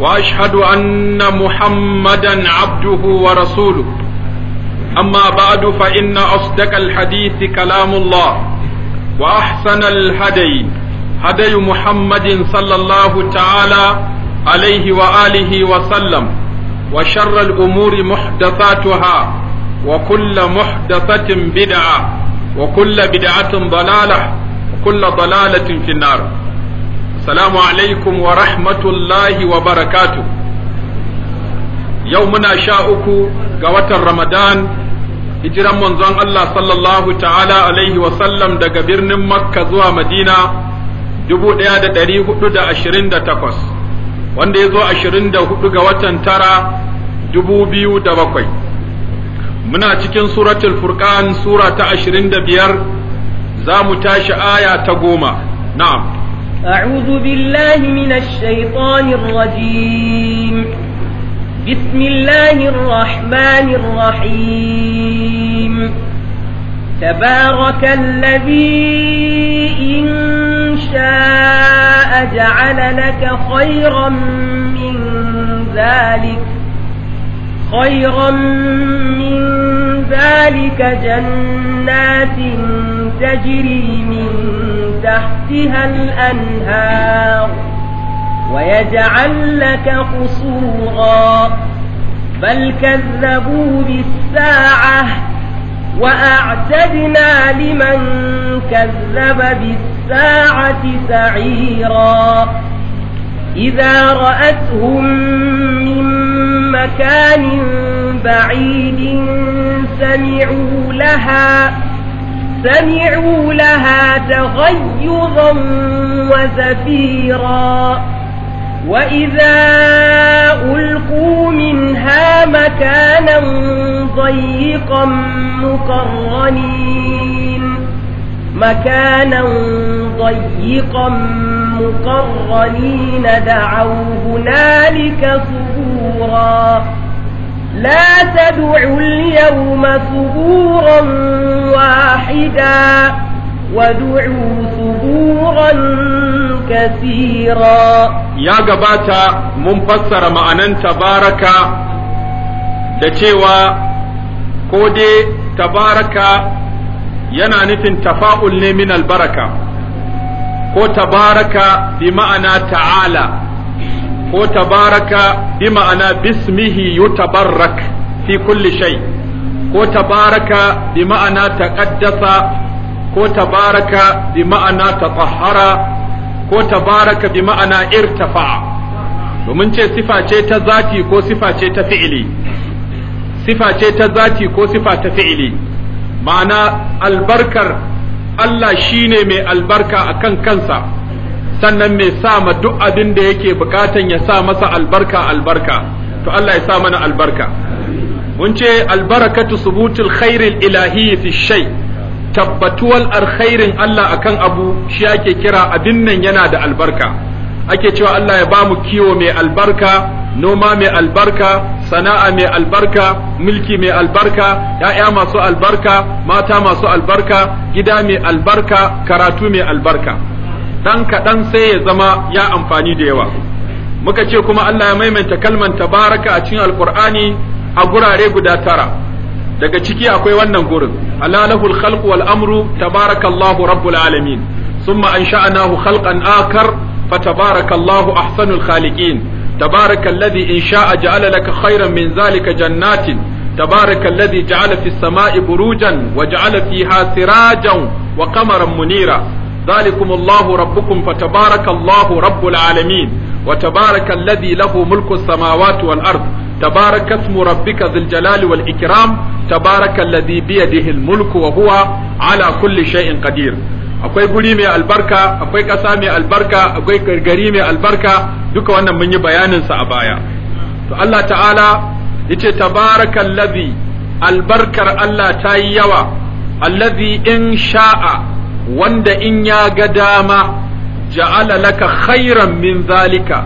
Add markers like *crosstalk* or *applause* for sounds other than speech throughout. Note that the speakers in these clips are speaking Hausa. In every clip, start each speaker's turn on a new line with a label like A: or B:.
A: واشهد ان محمدا عبده ورسوله اما بعد فان اصدق الحديث كلام الله واحسن الهدي هدي محمد صلى الله تعالى عليه واله وسلم وشر الامور محدثاتها وكل محدثه بدعه وكل بدعه ضلاله وكل ضلاله في النار salamu alaikum wa rahmatullahi wa barakatu yau muna sha uku ga watan ramadan hijiran manzon Allah sallallahu ta'ala alaihi wa sallam daga birnin makka zuwa madina dubu ɗaya da ɗari hudu da ashirin da takwas wanda ya zo ashirin da hudu ga watan tara dubu biyu da bakwai muna cikin suratul furqan sura ta ashirin da biyar za mu tashi aya ta goma na'am
B: أعوذ بالله من الشيطان الرجيم بسم الله الرحمن الرحيم تبارك الذي إن شاء جعل لك خيرا من ذلك خيرا من ذلك جنات تجري من تحتها الأنهار ويجعل لك قصورا بل كذبوا بالساعة وأعتدنا لمن كذب بالساعة سعيرا إذا رأتهم من مكان بعيد سمعوا لها سمعوا لها تغيظا وزفيرا وإذا ألقوا منها مكانا ضيقا مقرنين مكانا ضيقا مقرنين دعوا هنالك ثبورا لا تدعوا اليوم ثبورا واحدا وادعوا ثبورا
A: كثيرا يا قباتا منفسر معنى تبارك دتيوا كودي تبارك yana nufin tafa'ul ne min albaraka ko tabaraka bi ma'ana ta'ala ko tabaraka bi ma'ana bismihi yutabarrak fi kulli shay ko tabaraka bi ma'ana taqaddasa ko tabaraka bi ma'ana tatahhara ko tabaraka bi ma'ana irtafa domin ce sifa ce ta zati ko sifa ce ta fi'ili sifa ce ta zati ko sifa ta fi'ili ma'ana albarkar Allah shine mai albarka akan kansa sannan mai sa ma duk abin da yake bukatan ya sa masa albarka albarka to Allah ya sa mana albarka mun ce albarakatu subutul khairil ilahi fi shay tabbatuwal alkhairin Allah akan abu shi ake kira abin nan yana da albarka ake cewa Allah ya bamu kiwo mai albarka noma mai albarka sana'a mai albarka mulki mai albarka ya'ya masu albarka mata masu albarka gida mai albarka karatu mai albarka dan kaɗan sai ya zama ya amfani da yawa muka ce kuma Allah ya maimaita kalman tabaraka a cikin alkur'ani a gurare guda tara daga ciki akwai wannan gurin alalahul khalq wal amru tabarakallahu rabbul alamin thumma ansha'nahu khalqan akar fatabarakallahu ahsanul khaliqin tabarakalladhi in sha'a ja'ala laka khairan min zalika jannatin تبارك الذي جعل في السماء بروجا وجعل فيها سراجا وقمرا منيرا ذلكم الله ربكم فتبارك الله رب العالمين وتبارك الذي له ملك السماوات والأرض تبارك اسم ربك ذي الجلال والإكرام تبارك الذي بيده الملك وهو على كل شيء قدير akwai guri mai albarka akwai ƙasa mai albarka akwai gargari mai albarka duka wannan mun yi bayanin a baya to Allah ta'ala yace tabarakallazi albarkar Allah ta yi yawa allazi in sha'a wanda in ya ga dama ja'ala laka khairan min zalika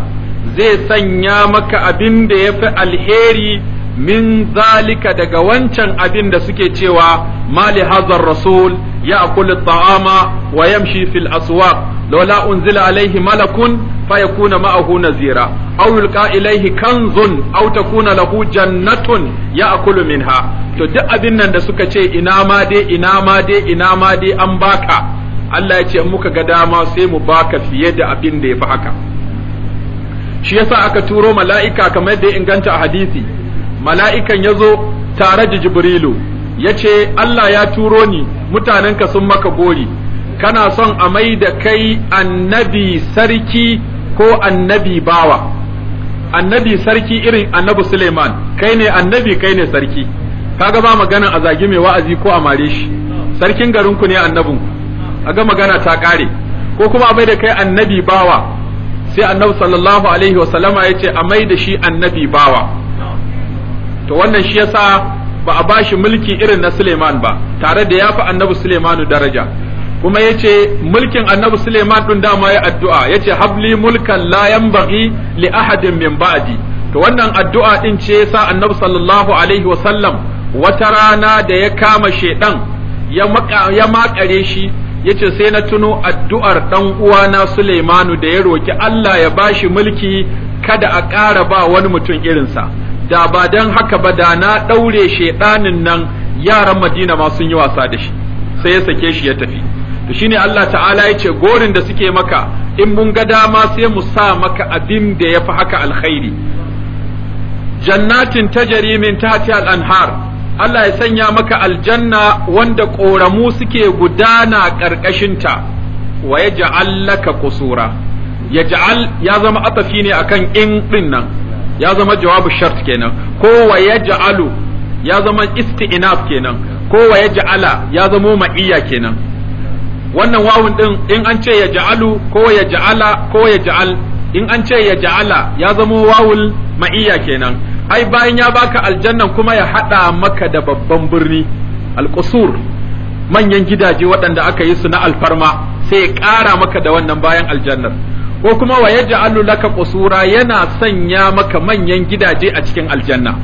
A: zai sanya maka abin da ya fi alheri min zalika daga wancan abin da suke cewa mali hazar rasul ya akulu ta'ama wa yamshi fil aswaq Lola unzila alaihi malakun fa yakuna ma'ahu nazira aw yulqa ilaihi kanzun aw takuna lahu jannatun ya akulu minha to duk abin nan da suka ce ina ma dai ina ma dai ina ma dai an baka Allah ya ce in muka ga dama sai mu baka fiye da abin da ya fi haka shi yasa aka turo mala'ika kamar da inganta a hadisi mala'ikan ya zo tare da jibrilu ya ce Allah ya turo ni mutanen ka sun maka gori kana son a mai da kai annabi sarki ko annabi bawa annabi sarki irin annabi Suleiman kai ne annabi kai ne sarki kaga ba magana a zagi mai wa'azi ko a mare shi sarkin garin ku ne annabin A ga magana ta kare ko kuma a bai da kai annabi bawa sai annabi sallallahu alaihi wa sallama ya ce a mai da shi annabi bawa to wannan shi yasa ba a bashi mulki irin na Suleiman ba tare da yafi annabi Suleimanu daraja kuma ya ce mulkin annabi Suleiman din dama ya addu'a ya ce habli mulkan la yanbaghi li ahadin min ba'di to wannan addu'a din ce sa annabi sallallahu alaihi wa sallam wata rana da ya kama shedan ya maka ya makare shi yace sai na tuno addu'ar ɗan uwana Suleimanu da ya roki Allah ya ba shi mulki kada a ƙara ba wani mutum irinsa da ba dan haka ba da na ɗaure shedanin nan yaran Madina ma sun yi wasa da shi sai ya sake shi ya tafi to shine Allah ta'ala ya ce gorin da suke maka in mun ga dama sai mu sa maka abin da ya fi haka alkhairi jannatin tajari min tahtiha al-anhar Allah ya sanya maka aljanna wanda ƙoramu suke gudana ƙarƙashinta wa ya ja'allaka laka kusura ya ja'al ya zama atafi ne akan in din nan ya zama jawabu shart kenan ko wa ya ja'alu ya zama isti'naf kenan ko wa ya ja'ala ya zama ma'iya kenan wannan wawun din in an ce ya ja'alu ko ya ja'ala ko ya ja'al in an ce ya ja'ala ya zama wawul ma'iya kenan ai bayan ya baka aljannan kuma ya hada maka da babban birni alqusur manyan gidaje waɗanda aka yi su na alfarma sai ya ƙara maka da wannan bayan aljannar ko kuma wa yaj'alu laka qusura yana sanya maka manyan gidaje a cikin aljanna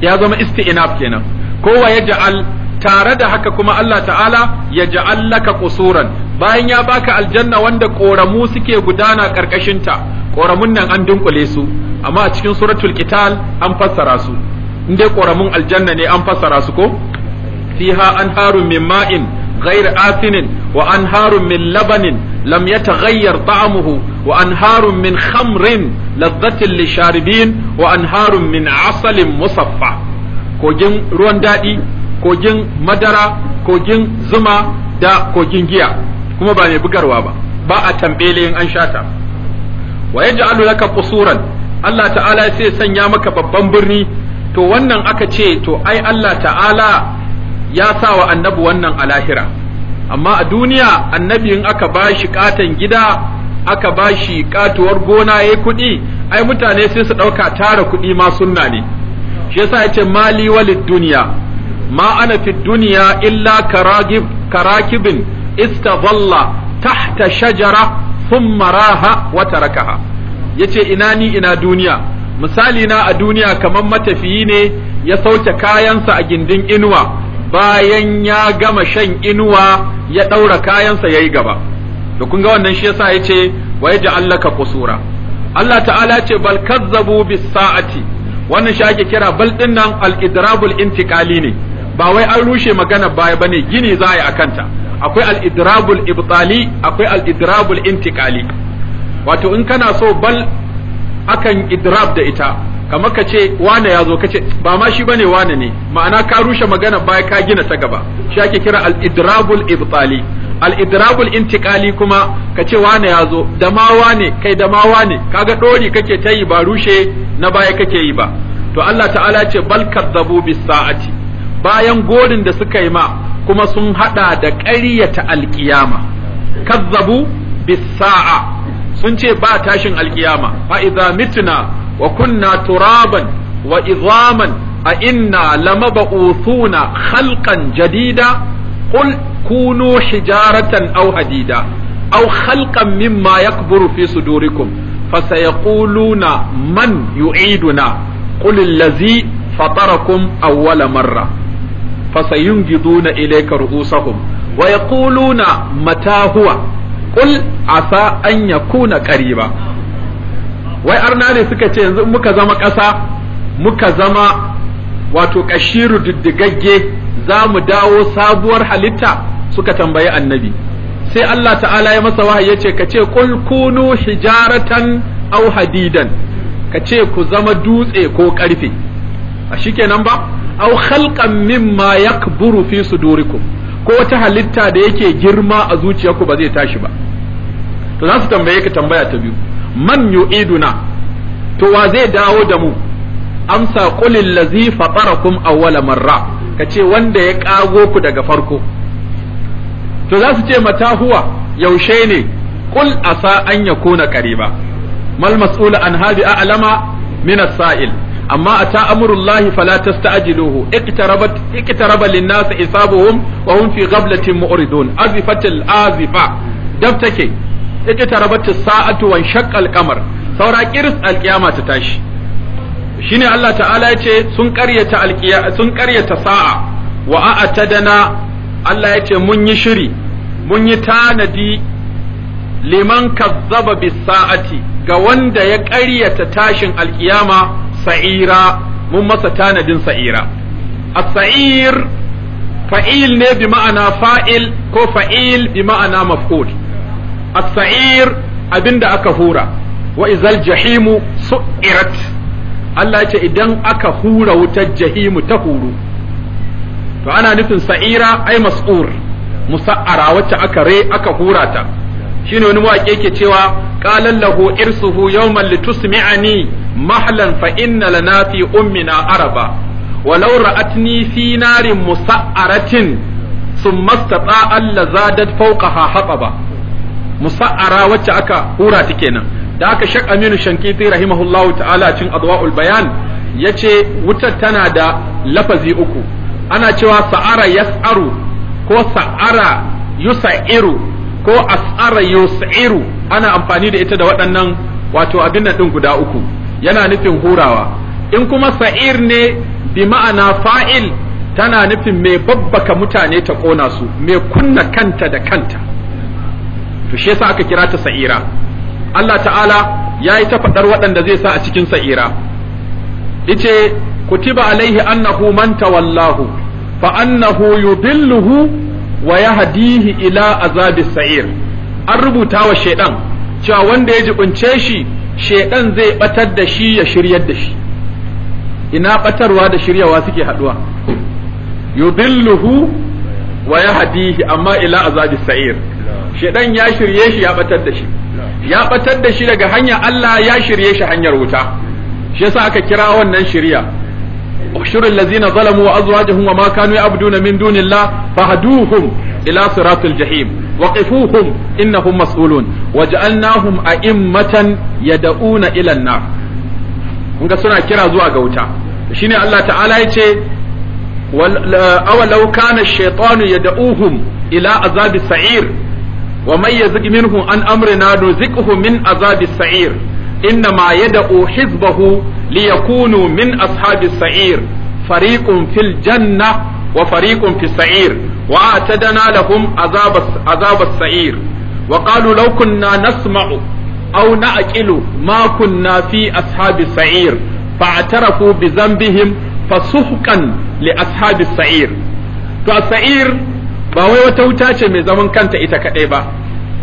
A: ya zama isti'naf kenan ko wa yaj'al tare da haka kuma Allah ta'ala ya ja'al laka qusuran bayan ya baka aljanna wanda ƙoramu suke gudana ƙarƙashinta ƙoramun nan an dunkule su amma a cikin suratul qital an fassara su dai ƙoramun aljanna ne an fassara su ko fiha anharun min ma'in ghayr asinin wa anharun min labanin lam yataghayyar ta'amuhu wa anharun min khamrin ladhatin lisharibin wa anharun min asalin musaffa kogin ruwan daɗi kogin madara kogin zuma da kogin giya kuma ba mai bugarwa ba ba a tambele in an shata wa yaj'alu laka qusuran Allah ta'ala sai sanya maka babban birni to wannan aka ce to ai Allah ta'ala ya sa wa annabi wannan alahira. amma a duniya annabi in aka bashi katan gida aka bashi katuwar gona yayi kuɗi ai mutane sai su ɗauka tara kuɗi ma sunna ne shi yasa yace mali walid duniya ma ana fi duniya illa karakib karakibin istadalla tahta shajara thumma raha wa tarakaha yace ina ni ina duniya misali na a duniya kamar matafiyi ne ya sauke kayansa a gindin inuwa bayan ya gama shan inuwa ya daura kayansa yayi gaba to kun ga wannan shi yasa yace wa yaj'alaka qusura Allah ta'ala ce bal kazzabu bis sa'ati wannan shi ake kira bal dinnan al idrabul intiqali ne ba wai an rushe maganar baya bane gini za a yi a kanta. akwai al'idrabul ibtali akwai al'idrabul intikali. wato in kana so bal akan idrab da ita kamar ka ce wane ya zo ka ce ba ma shi bane wane ne ma'ana ka rushe magana baya ka gina ta gaba shi ake kira al'idrabul ibtali Al'idrabul intikali kuma ka ce wane ya zo da ma wane kai da ma wane kaga dori kake ta yi ba rushe na baya kake yi ba to Allah ta'ala ce bal kadzabu bis sa'ati bayan gorin da suka yi ma kuma sun hada da ƙaryata alkiyama kazzabu bisa'a sun ce ba tashin alkiyama fa idza mitna wa kunna turaban wa idhaman a inna lamab'uthuna khalqan jadida qul kunu hijaratan aw hadida aw khalqan mimma yakburu fi sudurikum fasayaquluna man yu'iduna qul allazi fatarakum awwala marra fasayungiduna ilayka ru'usahum wa yaquluna mata huwa qul asa an ƙari ba wai arna ne suka ce yanzu muka zama ƙasa muka zama wato ƙashiru diddigagge za mu dawo sabuwar halitta suka tambayi annabi sai Allah ta'ala ya masa wahayi yace ka ce kul kunu hijaratan au hadidan ka ce ku zama dutse ko ƙarfe. a shikenan ba aw khalqan mimma yakburu fi sudurikum ko wata halitta da yake girma a zuciyarku ba zai tashi ba to za su tambaye ka tambaya ta biyu man yu'iduna to wa zai dawo da mu amsa qulil ladzi fatarakum awwala marra kace wanda ya kago ku daga farko to za su ce mata huwa yaushe ne qul asa an yakuna qariba mal mas'ul an hadi a'lama min as-sa'il amma ata amrullahi fala tasta'jiluhu iqtarabat iqtaraba lin-nas hisabuhum wa hum fi ghaflatin mu'ridun azifatil azifa dab take iqtarabat as-sa'atu wa shaqqa al-qamar saura kiris al-qiyama ta tashi shine Allah ta'ala yace sun qaryata al sun qaryata sa'a wa a'tadana Allah yace mun yi shiri mun yi tanadi liman kazzaba bis sa'ati ga wanda ya qaryata tashin al-qiyama sa'ira mun masa tanadin sa'ira A sair fa'il ne bi ma'ana fa'il ko fa'il bi ma'ana maf'ul A sair abinda aka hura wa izal jahimu su'irat Allah ce idan aka hura wutar jahimu ta huru to ana nufin sa'ira ai mas'ur musa'ara wacce aka re aka hura ta shine wani waƙe ke cewa qalan lahu irsuhu yawman litusmi'ani mahlan fa inna lana fi ummina araba walau ra'atni fi narin musa'aratin thumma istata'a alla zadat fawqaha hataba musa'ara wacce aka hura ta kenan da aka shak Aminu Shankiti rahimahullahu ta'ala cin adwa'ul bayan yace wutar tana da lafazi uku ana cewa sa'ara yas'aru ko sa'ara yusa'iru ko as'ara yusa'iru ana amfani da ita da waɗannan wato abin nan ɗin guda uku yana nufin hurawa in kuma sa'ir ne bi ma'ana fa'il tana nufin mai babbaka mutane ta kona su mai kunna kanta da kanta to shi yasa aka kira ta sa'ira Allah ta'ala yayi ta faɗar waɗanda zai sa a cikin sa'ira ice kutiba alaihi annahu man tawallahu fa annahu yudilluhu wa yahdihi ila azabis sa'ir an rubuta wa shaidan cewa wanda ya jibince shi shedan zai batar da shi ya shiryar da shi ina batarwa da shiryawa suke haduwa yudilluhu wa yahdihi amma ila azabi sa'ir ya shirye shi ya batar da shi ya batar da shi daga hanya Allah ya shirye shi hanyar wuta shi yasa aka kira wannan shirya ushurul ladzina zalamu wa azwajuhum wa ma kanu ya'buduna min dunillah fahduhum ila siratul jahim waqifuhum innahum mas'ulun waj'alnahum a yad'una ila an-nar ilanna. ga suna kira zuwa gauta. Shin Allah ta'ala yace eh, awalau kana ash-shaytanu yad'uhum ila azabis sa'ir wa man yazig minhum an amrina nuzighu min azabis sa'ir إنما يدعو حزبه ليكونوا من أصحاب sa'ir fariƙun fil janna wa fariƙun السعير wa atadana lahum azab as-sa'ir wa qalu law kunna nasma'u aw na'qilu ma kunna fi ashabi sa'ir fa'tarafu bi dhanbihim fasuhqan li ashabi sa'ir to as-sa'ir ba wai wata wuta ce mai zaman kanta ita kadai ba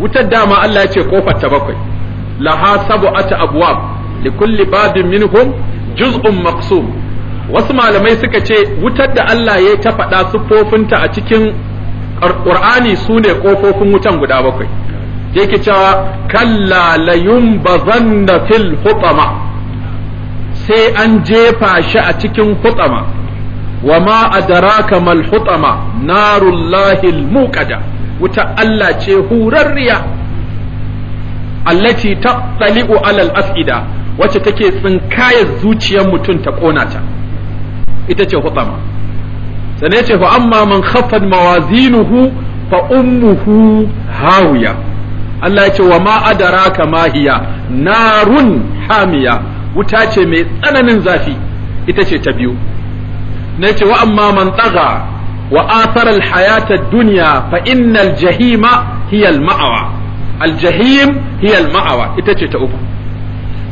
A: wutar dama Allah ce kofar ta bakwai laha sab'atu abwab likulli babin minhum juz'un maqsum wasu malamai suka ce wutar da Allah ya ta faɗa siffofinta a cikin ƙur'ani su ne ƙofofin wutan guda bakwai yake cewa kalla layun bazanna fil hutama sai an jefa shi a cikin hutama wa ma adraka mal hutama narullahi al muqada wuta Allah ce hurarriya allati taqtali'u alal afida wacce take tsinkayar zuciyar mutum ta kona ta ita ce hutama sannan yace fa amma man khaffat mawazinuhu fa ummuhu hawiya Allah ce wa ma adraka ma hiya narun hamiya wuta ce mai tsananin zafi ita ce ta biyu na ce wa amma man tsaga wa athara duniya dunya fa innal jahima hiya ma'awa Aljahim jahim hiya ma'awa ita ce ta uku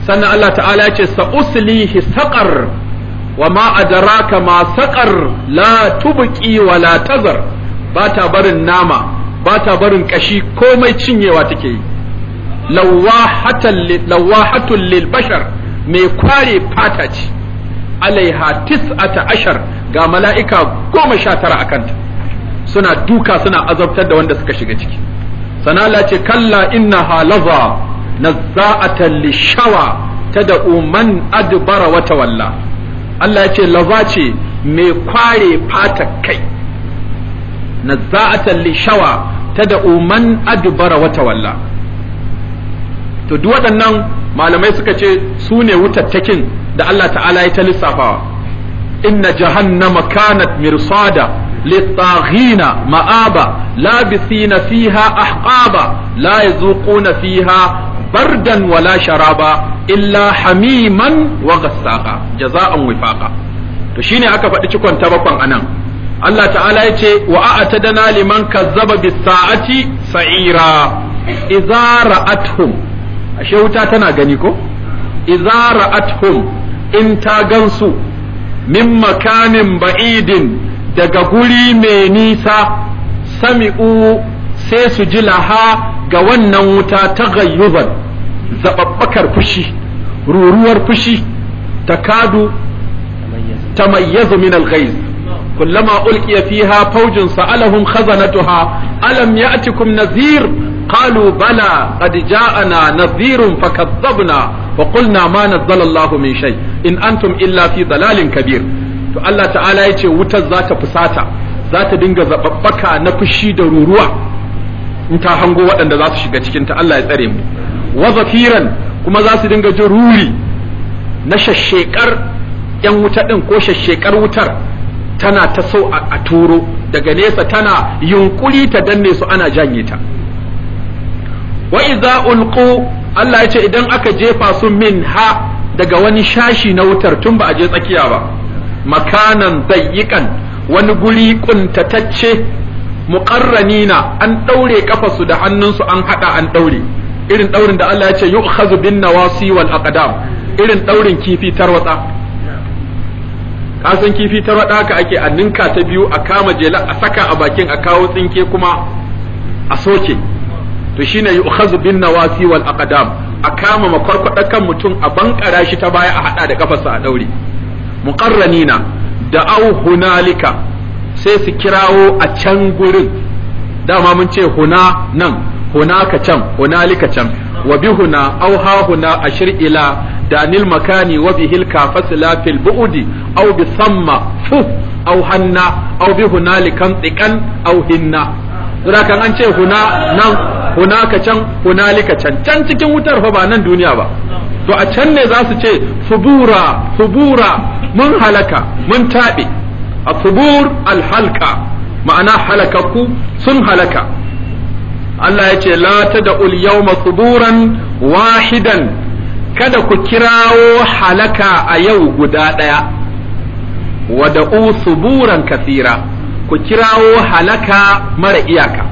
A: sannan Allah ta'ala ce sa uslihi saqar wa ma'adaraka adraka ma saqar la tubqi wa la ba ta barin nama ba ta barin kashi komai cinyewa take yi lawahatul lil bashar mai kware fata ce alaiha tis'ata ashar ga mala'ika goma sha tara a kanta suna duka suna azabtar da wanda suka shiga ciki sanala ce kalla inna halaza nazza'atan lishawa tad'u man adbara wata walla. Allah ya ce laza ce mai kware fata kai nazza'atan lishawa ta da uman adubara wata walla to duk waɗannan malamai suka ce su ne wutattakin da Allah ta'ala ya ta lissafawa inna jahannama kanat mirsada للطاغين مآبا لابثين فيها أحقابا لا يذوقون فيها bardan wala sharaba illa hamiman wa gassaqa jaza'an wifaqa to shine aka faɗi cikon ta bakon anan Allah ta'ala ya ce wa a'tadana liman kazzaba bis sa'ati sa'ira idza ra'atuhum ashe wuta tana gani ko idza ra'atuhum in ta gansu min makanin ba'idin daga guri mai nisa sami'u sai su ji laha ga wannan wuta ta gayyuban zaɓaɓɓakar fushi ruruwar fushi ta kadu ta mayyazu min alghaiz kullama ulqiya fiha faujun sa'alahum khazanatuha alam ya'tikum nadhir قالوا بلى قد جاءنا نذير فكذبنا وقلنا ما نزل الله من شيء إن أنتم إلا في ضلال كبير to Allah ta'ala ya ce wutar za ta fusata za ta dinga zaɓaɓɓaka na fushi da ruruwa in ta hango waɗanda za su shiga cikin ta Allah ya tsare mu wa kuma za su dinga jin ruri na shasshekar yan wuta din ko shasshekar wutar tana ta so a turo daga nesa tana yunkuri ta danne su ana janye ta wa idza ulqu Allah ya ce idan aka jefa su min ha daga wani shashi na wutar tun ba a je tsakiya ba makanan dayyikan wani guri kuntatacce muqarranina an daure kafasu da hannunsu an hada an daure irin daurin da Allah ya ce yu'khazu bin nawasi wal aqdam irin daurin kifi tarwatsa san kifi tarwatsa ka ake a ninka ta biyu a kama jela a saka a bakin a kawo tsinke kuma a soke to shine yu'khazu bin nawasi wal aqdam a kama makwarkwada kan mutum a bankara shi ta baya a hada da kafarsa a daure muqarranina da hunalika sai su kirawo a can gurin dama mun ce huna nan hunaka can hunalika can wa bihuna aw ha huna ashir ila danil makani wa bihil kafasila fil buudi aw bi samma, fu aw hanna aw bi hunalikan tikan aw hinna kan an ce huna nan hunaka can hunalika can can cikin wutar fa ba nan duniya ba to a can ne za su ce subura subura mun halaka mun taɓe asubur alhalka ma'ana halakakku sun halaka Allah ya ce la tad'ul yawma suburan wahidan kada ku kirawo halaka a yau guda Wada wada'u suburan kasira ku kirawo halaka mara iyaka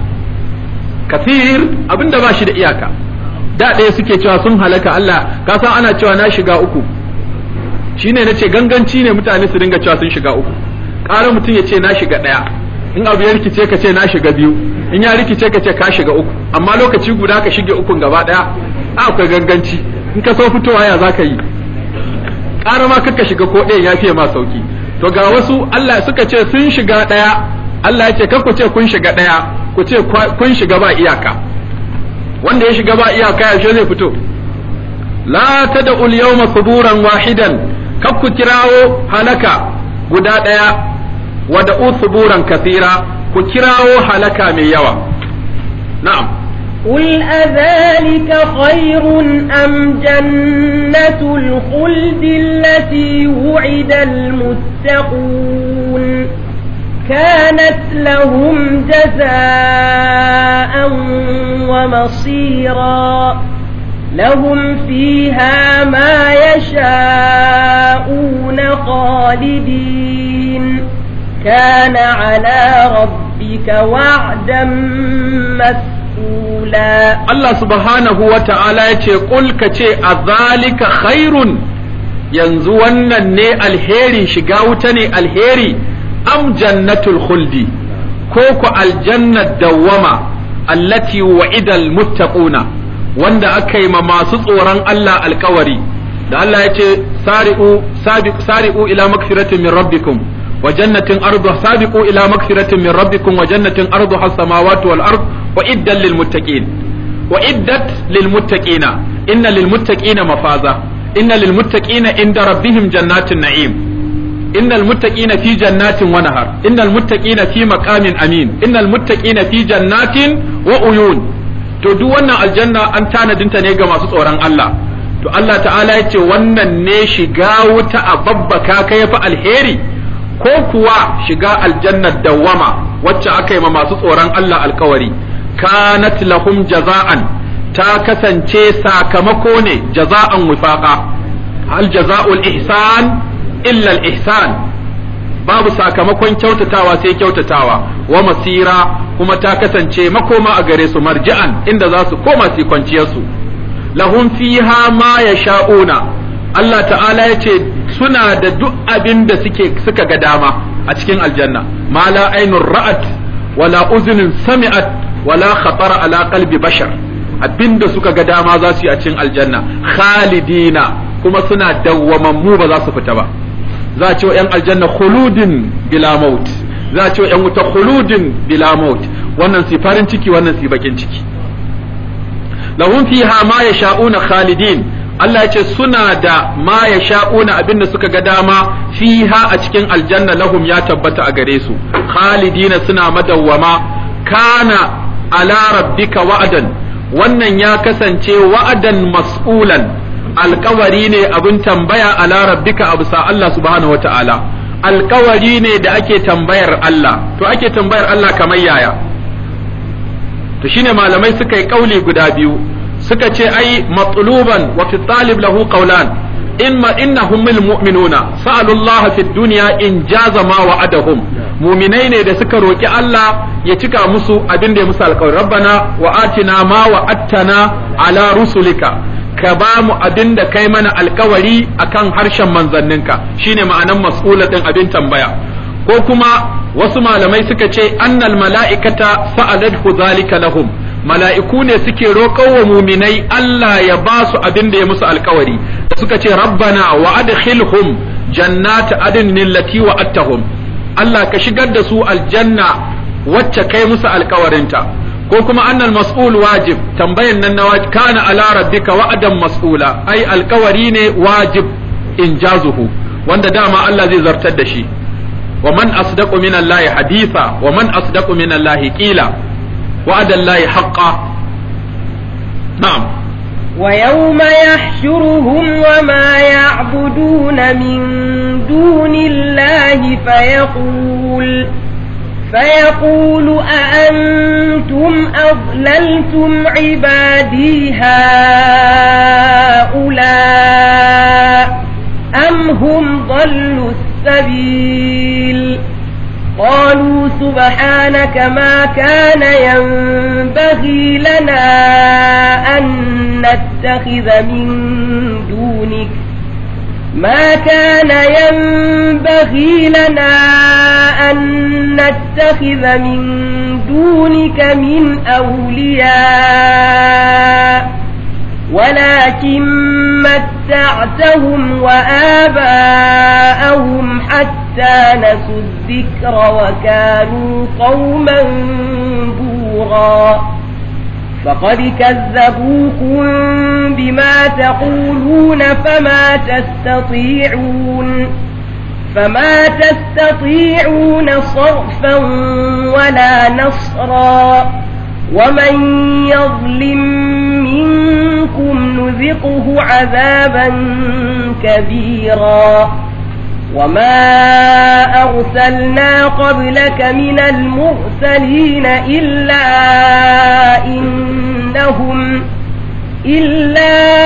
A: kasir abinda ba shi da iyaka da ɗaya suke cewa sun halaka Allah ka san ana cewa na shiga uku na nace ganganci ne mutane su dinga cewa sun shiga uku ƙara mutum ya ce na shiga ɗaya in abu ya rikice ka ce na shiga biyu in ya rikice ka ce ka shiga uku amma lokaci guda ka shige ukun gaba ɗaya akwai ganganci in ka so fitowa ya za ka yi ƙara ma ka shiga ko ɗayan ya fiye ma sauki to ga wasu Allah suka ce sun shiga ɗaya Allah ya ce kar ku ce kun shiga ɗaya ku ce kun shiga ba iyaka wanda ya shiga ba iyaka ya zai fito la tad'u al-yawma suburan wahidan kar ku kirawo halaka guda ɗaya wad'u suburan kathira ku kirawo halaka mai yawa na'am
B: قل أذلك خير أم جنة الخلد التي وعد المتقون كانت لهم جزاء ومصيرا لهم فيها ما يشاءون خالدين كان على ربك Allah مسئولا الله سبحانه
A: وتعالى يتي قل كتي أذلك خير yanzu wannan ne alheri shiga wuta ne alheri am jannatul khuldi ko ku aljannat dawwama allati wa'idal muttaquna wanda aka yi ma masu tsoron Allah alkawari da Allah ya ce sari'u ila magfiratin min rabbikum wa jannatin ardu sabiqu ila maghfiratin min rabbikum wa jannatin ardu as-samawati wal ard wa iddat lil muttaqin wa iddat lil muttaqina inna mafaza inda na'im إن المتقين في جنات ونهر إن المتقين في مقام أمين إن المتقين في جنات وعيون to duk wannan aljanna an tanadinta ne ga masu tsoron Allah to Allah ta'ala ya ce wannan ne shiga wuta a babba ka yafi alheri ko kuwa shiga aljannar dawwama wacce aka yi ma masu tsoron Allah alkawari kanat lahum jaza'an ta kasance sakamako ne jaza'an wifaqa al jaza'ul ihsan illa al ihsan babu sakamakon kyautatawa sai kyautatawa wa masira kuma ta kasance makoma a gare su marji'an inda za su koma su kwanciyar su lahum fiha ma yasha'una Allah ta'ala ya ce suna da duk abin da suka ga dama a cikin aljanna ma la ra'at wala uzunin sami'at wala khatara ala qalbi bashar da suka ga dama za su yi a cikin aljanna khalidina kuma suna dawwamammu ba za su fita ba za a ce wa 'yan aljanna khuludin bila maut za a ce wa 'yan wuta khuludin bila maut wannan su farin ciki wannan su bakin ciki lahum fiha ma sha'una khalidin Allah ya ce suna da ma ya sha'una abinda suka ga dama fiha a cikin aljanna lahum ya tabbata a gare su khalidina suna madawwama kana ala rabbika wa'adan wannan ya kasance wa'adan mas'ulan alkawari ne abin tambaya ala rabbika abusa Allah subhanahu wata'ala alkawari ne da ake tambayar Allah to ake tambayar Allah kamar yaya to shine malamai suka yi kauli guda biyu suka ce ai matluban wa fi talib lahu qawlan imma innahum lil mu'minuna sa'alu Allah fi dunya in jaza ma wa'adahum mu'minai ne da suka roki Allah ya cika musu abin da ya musu alƙawari rabbana wa atina ma wa'attana ala rusulika ka ba mu abin da kai mana alkawari akan harshen manzanninka shine ma'anan mas'ula din abin tambaya ko kuma wasu malamai suka ce annal mala'ikata sa'aladhu zalika lahum mala'iku ne suke roƙon wa muminai Allah ya ba su abin da ya musu alkawari da suka ce rabbana wa adkhilhum jannata adin nillati wa attahum Allah ka shigar da su aljanna wacce kai musu alkawarinta ko kuma annal mas'ul wajib tambayan nan na wajib kana ala rabbika wa'adan mas'ula ai alkawari ne wajib in jazuhu wanda dama Allah zai zartar da shi wa man asdaqu minallahi haditha wa man asdaqu minallahi qila وعد الله حقا نعم
B: ويوم يحشرهم وما يعبدون من دون الله فيقول فيقول أأنتم أضللتم عبادي هؤلاء أم هم ضلوا السبيل قالوا سبحانك ما كان ينبغي لنا أن نتخذ من دونك ما كان ينبغي لنا أن نتخذ من دونك من أولياء ولكن متعتهم وآباءهم حتى نسوا الذكر وكانوا قوما بورا فقد كذبوكم بما تقولون فما تستطيعون فما تستطيعون صرفا ولا نصرا ومن يظلم منكم نذقه عذابا كبيرا وما أرسلنا قبلك من المرسلين إلا إنهم إلا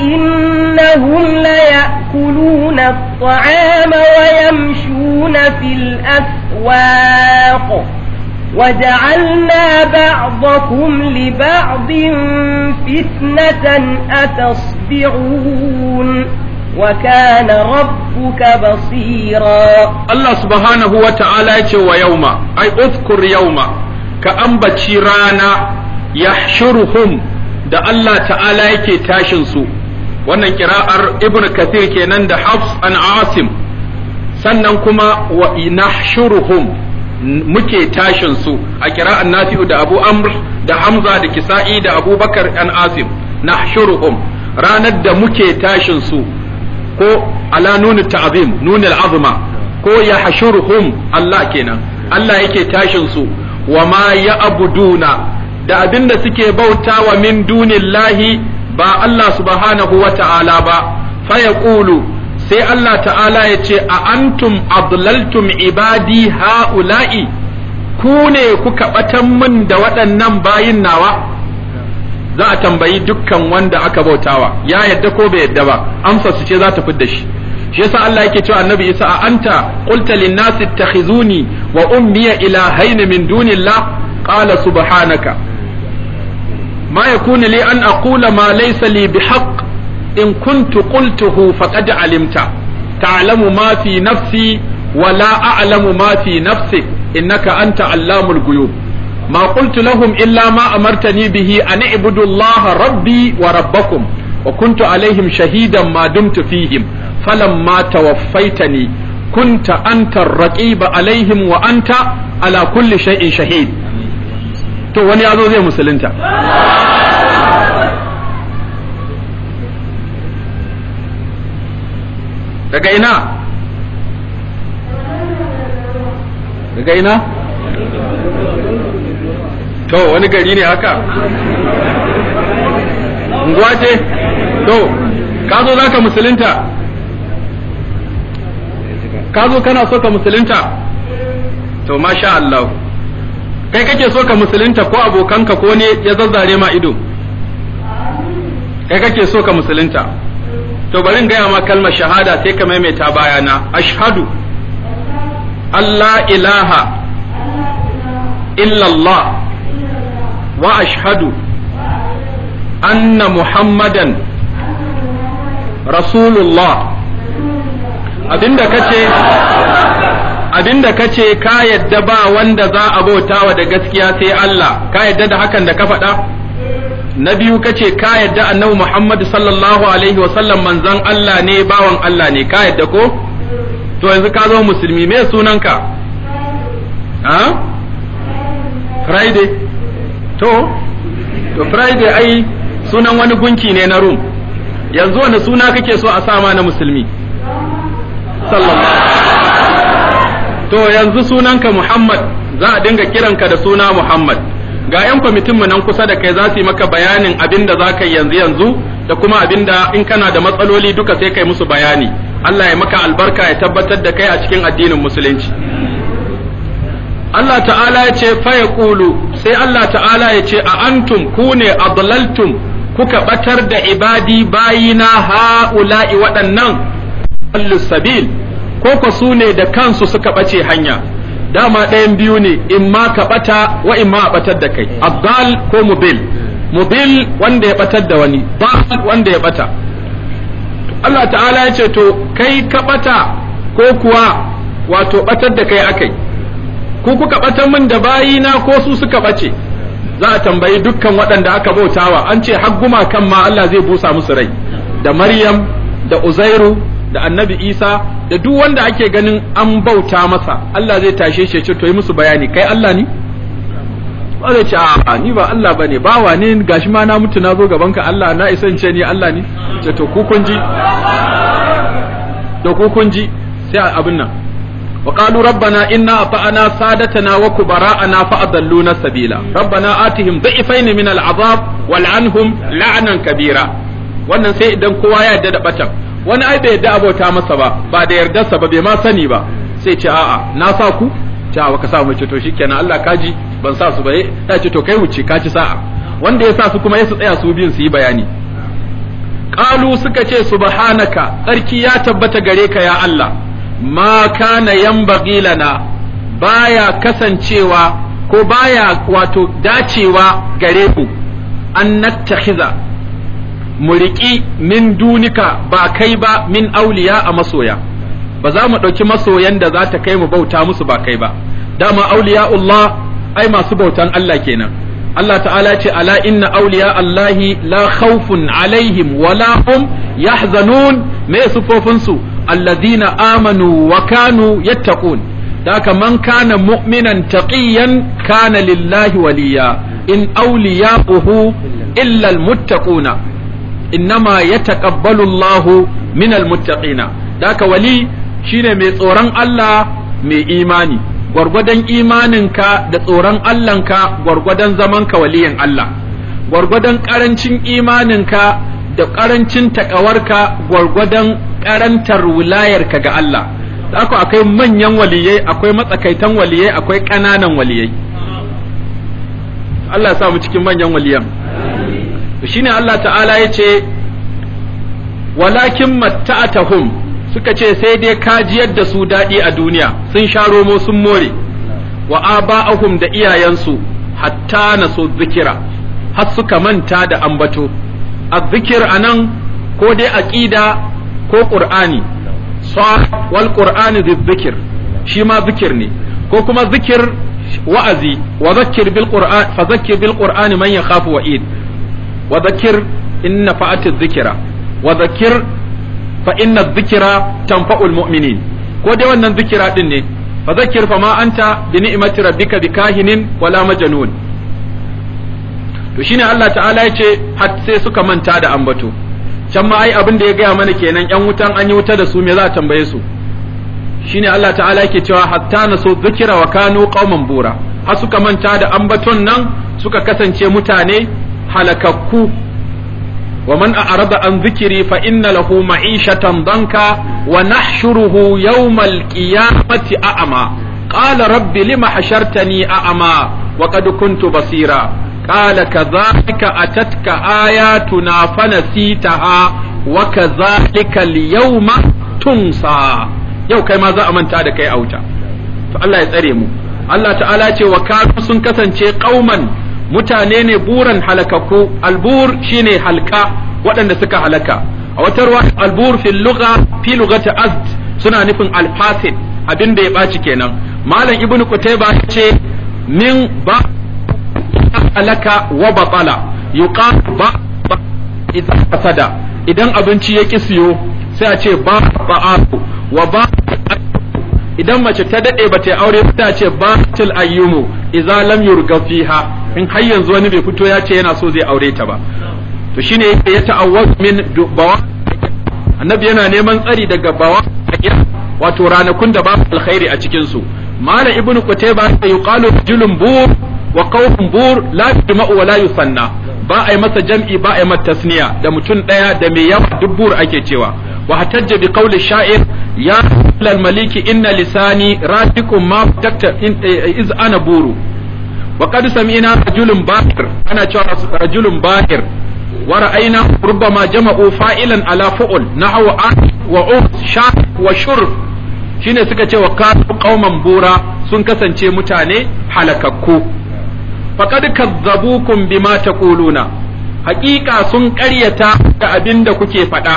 B: إنهم ليأكلون الطعام ويمشون في الأسواق وجعلنا بعضكم لبعض فتنة أتصبعون وكان ربك
A: بصيرا الله سبحانه وتعالى يتي ويوم أي اذكر يوم كأنبتي رانا يحشرهم da Allah ta'ala yake tashin su wannan kira'ar ibn kathir kenan da hafs an asim sannan kuma wa nahshuruhum muke tashin su a kira'an nafi'u da abu amr da hamza da kisa'i da abubakar an asim nahshuruhum ranar da muke tashin su ko ala nuni ta'zim nuni al'azma ko ya hashuruhum Allah kenan Allah yake tashin su wa ma ya abuduna da abinda suke bautawa min dunillahi ba Allah subhanahu wa ta'ala ba fa yaqulu sai Allah ta'ala ya ce a antum adlaltum ibadi ha'ula'i ku ne kuka batan min da waɗannan bayin nawa za a tambayi dukkan wanda aka bautawa ya yadda ko bai yadda ba amsa su ce za ta fidda shi shi yasa Allah yake cewa annabi Isa a anta qulta lin nasi ittakhizuni wa ummi ilahayn min dunillah qala subhanaka ma yakunu li an aqula ma laysa li bihaqq in kuntu qultuhu faqad alimta ta'lamu ma fi nafsi wa la a'lamu ma fi nafsik innaka anta allamul ghuyub ma lahum illa ma amartani bihi an ibudu rabbi wa rabbakum wa kuntu alaihim shahidan ma dumtu fihim falamma tawaffaitani kunta anta raqiba alaihim wa anta ala kulli shay'in shahid to wani zo zai musulunta daga ina daga ina to wani gari ne haka unguwa ce to ka zo zaka musulunta ka zo kana so ka musulunta to masha Allah kai kake so ka musulunta ko abokanka ko ne ya zazzare ma ido kai kake so ka musulunta to bari in gaya ma kalmar shahada sai ka maimaita bayana ashhadu Allah ilaha illallah wa ashhadu anna muhammadan rasulullah abinda kace abinda kace ka yadda ba wanda za a bautawa da gaskiya sai Allah ka yadda da hakan da ka faɗa na biyu kace ka yadda annabi Muhammad sallallahu alaihi wa sallam manzon Allah ne bawan Allah ne ka yadda ko to yanzu ka zo musulmi me sunanka ha Friday to to friday ai sunan wani gunki ne na rum yanzu wani suna kake so a sama na musulmi to yanzu sunanka muhammad za a dinga kiranka da suna muhammad ga 'yan kwamitinmu nan kusa da kai za su yi maka bayanin abin da za ka yanzu yanzu da kuma abin da in kana da matsaloli duka sai kai musu bayani Allah ya maka albarka ya tabbatar da kai a cikin addinin musulunci Allah ta'ala ya ce faya ƙulu sai Allah ta'ala ya ce a antum ku ne adlaltum kuka batar da ibadi bayina ha'ula'i waɗannan sabil ko ku su ne da kansu suka ɓace hanya dama ɗayan biyu ne in ma ka ɓata wa in ma a ɓatar da kai abdal ko mubil mubil wanda ya ɓatar da wani bal wanda ya ɓata Allah ta'ala ya ce to kai ka ɓata ko kuwa wato ɓatar da kai akai ku kuka ɓatan min da bayina ko su suka ɓace za a tambayi dukkan waɗanda aka bautawa an ce har kan ma Allah zai busa musu rai da Maryam da Uzairu da Annabi Isa da duk wanda ake ganin an bauta masa Allah zai tashe shi ce to yi musu bayani kai Allah ne ba zai ce a ni ba Allah bane wa ne gashi ma na mutu na zo gaban ka Allah na isa ce ni Allah ne ce to ku kun ji to ku kun ji sai abin nan وقالوا ربنا إنا أطعنا سادتنا وكبراءنا فأضلونا سبيلا ربنا آتهم ضعفين من العذاب والعنهم لعنا كبيرا wannan sai idan kowa ya yarda da batan wani ai bai yarda abota masa ba ba da yarda sa ba bai ma sani ba sai ce a'a na sa ku ta baka sa mu ce to shikenan Allah kaji ban sa su ba ya eh, ce to kai wuce kaci sa'a wanda ya sa su kuma ya su tsaya su biyun su yi bayani qalu suka ce subhanaka tsarki ya tabbata gare ka ya Allah ma kana yanbaghi lana baya kasancewa ko baya wato dacewa gare ku an nattakhiza mu riƙi min dunika ba kai ba min auliya a masoya ba za mu ɗauki masoyan da za ta kai mu bauta musu ba kai ba dama auliya Allah ai masu bautan Allah kenan Allah ta'ala ce ala inna auliya Allahi la khawfun alaihim wa la hum yahzanun me sufofin su alladhina amanu wa kanu yattaqun daka man kana mu'minan taqiyan kana lillahi waliya in awliya'uhu illa almuttaquna innama yataqabbalu Allahu min almuttaqina daka wali shine mai tsoron Allah mai imani gwargwadon imaninka da tsoron Allahnka gwargwadon zamanka waliyin Allah gwargwadon karancin imaninka da karancin takawarka gwargwadon karantar wilayarka ga Allah haka akwai manyan waliyai akwai matsakaitan waliyai akwai ƙananan waliyai Allah ya sa mu cikin manyan waliyan shine Allah ta'ala ya ce walakin matta'atahum suka ce sai dai kajiyar da su daɗi a duniya sun sha romo sun more wa aba'ahum da iyayensu hatta na so zikira har suka manta da ambato a zikir a nan ko dai aƙida ko ƙur'ani wal ƙur'ani zikir shi ma zikir ne ko kuma zikir wa'azi wa zakir bil qur'an fa zakir bil qur'ani man yakhafu wa'id wa zakir inna fa'ati zikira wa zakir fa inna dhikra tanfa'ul mu'minin ko dai wannan dhikra din ne fa zakkir fa ma anta bi ni'mati rabbika bikahinin wala majnun to shine Allah ta'ala ya har sai suka manta da ambato can ma ai abin da ya gaya mana kenan yan wutan an yi wuta da su me za a tambaye su shine Allah ta'ala yake cewa hatta na so dhikra wa kanu qauman bura har suka manta da ambaton nan suka kasance mutane halakakku ومن أعرض عن ذكري فإن له معيشة ضنكا ونحشره يوم القيامة أعمى قال رب لم حشرتني أعمى وقد كنت بصيرا قال كذلك أتتك آياتنا فنسيتها وكذلك اليوم تنسى yau kai ma za a manta da kai a wuta to Allah ya tsare mu Allah ta'ala ce wa kanu sun kasance qauman mutane ne buran halakakku albur shine halka waɗanda suka halaka a wata ruwa albur fil lugha fi lughati azd suna nufin alfasid abin da ya baci kenan malam ibnu qutayba ce min ba halaka wa batala yuqal ba idan fasada idan abinci ya kisiyo sai a ce ba ba'aru wa ba idan mace ta daɗe ba ta aure ba ta ce ba batil ayyumu idza lam yurga fiha in har yanzu wani bai fito ya ce yana so zai aure ta ba to shine yake ya ta'awwaz min bawa annabi yana neman tsari daga bawa wato ranakun da ba alkhairi a cikin su mala ibnu qutayba ya yuqalu julun bur wa qawm bur la yujma'u wa la yusanna ba a masa jam'i ba a yi masa tasniya da mutum daya da mai yawa dubbur ake cewa wa hatajja bi qawli sha'ir ya lal maliki inna lisani rafikum ma takta eh, eh, iz ana buru wa qad sami'na rajulun bakir ana cewa rajulun bahir wa ra'ayna rubbama jama'u fa'ilan ala fu'ul nahwa an wa um sha wa shur shine suka ce wa kanu qauman bura sun kasance mutane halakakku faqad ma bima taquluna haqiqa sun ƙaryata da abin da kuke faɗa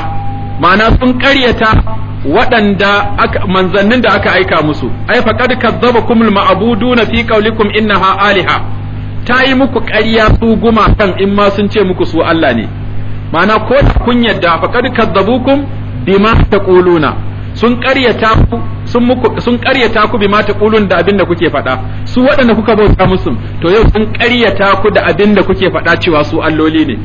A: ma'ana sun ƙaryata waɗanda manzannin da aka aika musu ai faqad kazzabakum al-ma'buduna fi qawlikum innaha aliha ta yi muku ƙarya su guma kan in ma sun ce muku su Allah ne Mana ko da kun yadda faqad kadzabukum bima taquluna sun ƙaryata ku sun muku sun ƙaryata ku bima taqulun da abinda kuke faɗa su waɗanda kuka bauta musu to yau sun ƙaryata ku da abinda kuke faɗa cewa su alloli ne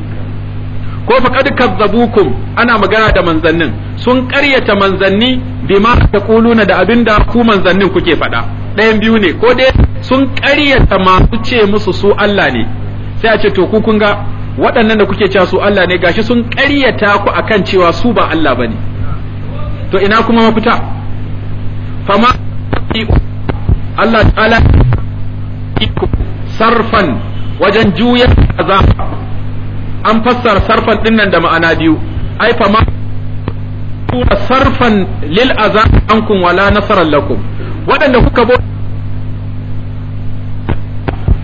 A: ko faqad kadzabukum ana magana da manzannin sun karyata manzanni ta na da abinda ku manzannin kuke faɗa ɗayan biyu ne ko dai sun ƙaryata masu ce musu su Allah ne sai a ce to ku kun ga waɗannan da kuke cewa su Allah ne gashi sun karyata ku akan cewa su ba Allah bane to ina kuma mafita Fa ma. Allah ta'ala sarfan wajen juyar azaba an fassara sarfan dinnan da ma'ana biyu ai fa ma. sura sarfan lil azab ankum wala nasaran lakum waɗanda kuka bo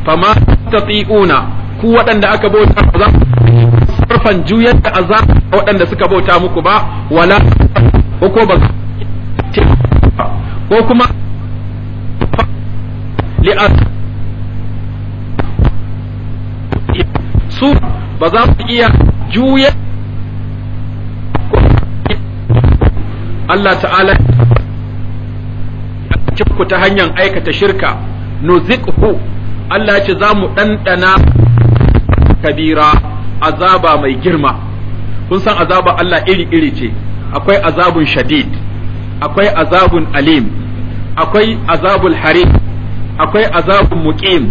A: fama tati'una ku waɗanda aka bauta ba za sarfan juyar da azab waɗanda suka bauta muku ba wala ko ba ko kuma li'at su ba za su iya juyar Allah ta'ala ya ku ta hanyar aikata shirka nuzikhu Allah ce za mu ɗanɗana kabira azaba mai girma kun san azaba Allah iri-iri ce akwai azabun shadid akwai azabun alim akwai azabul harim akwai azabun muqim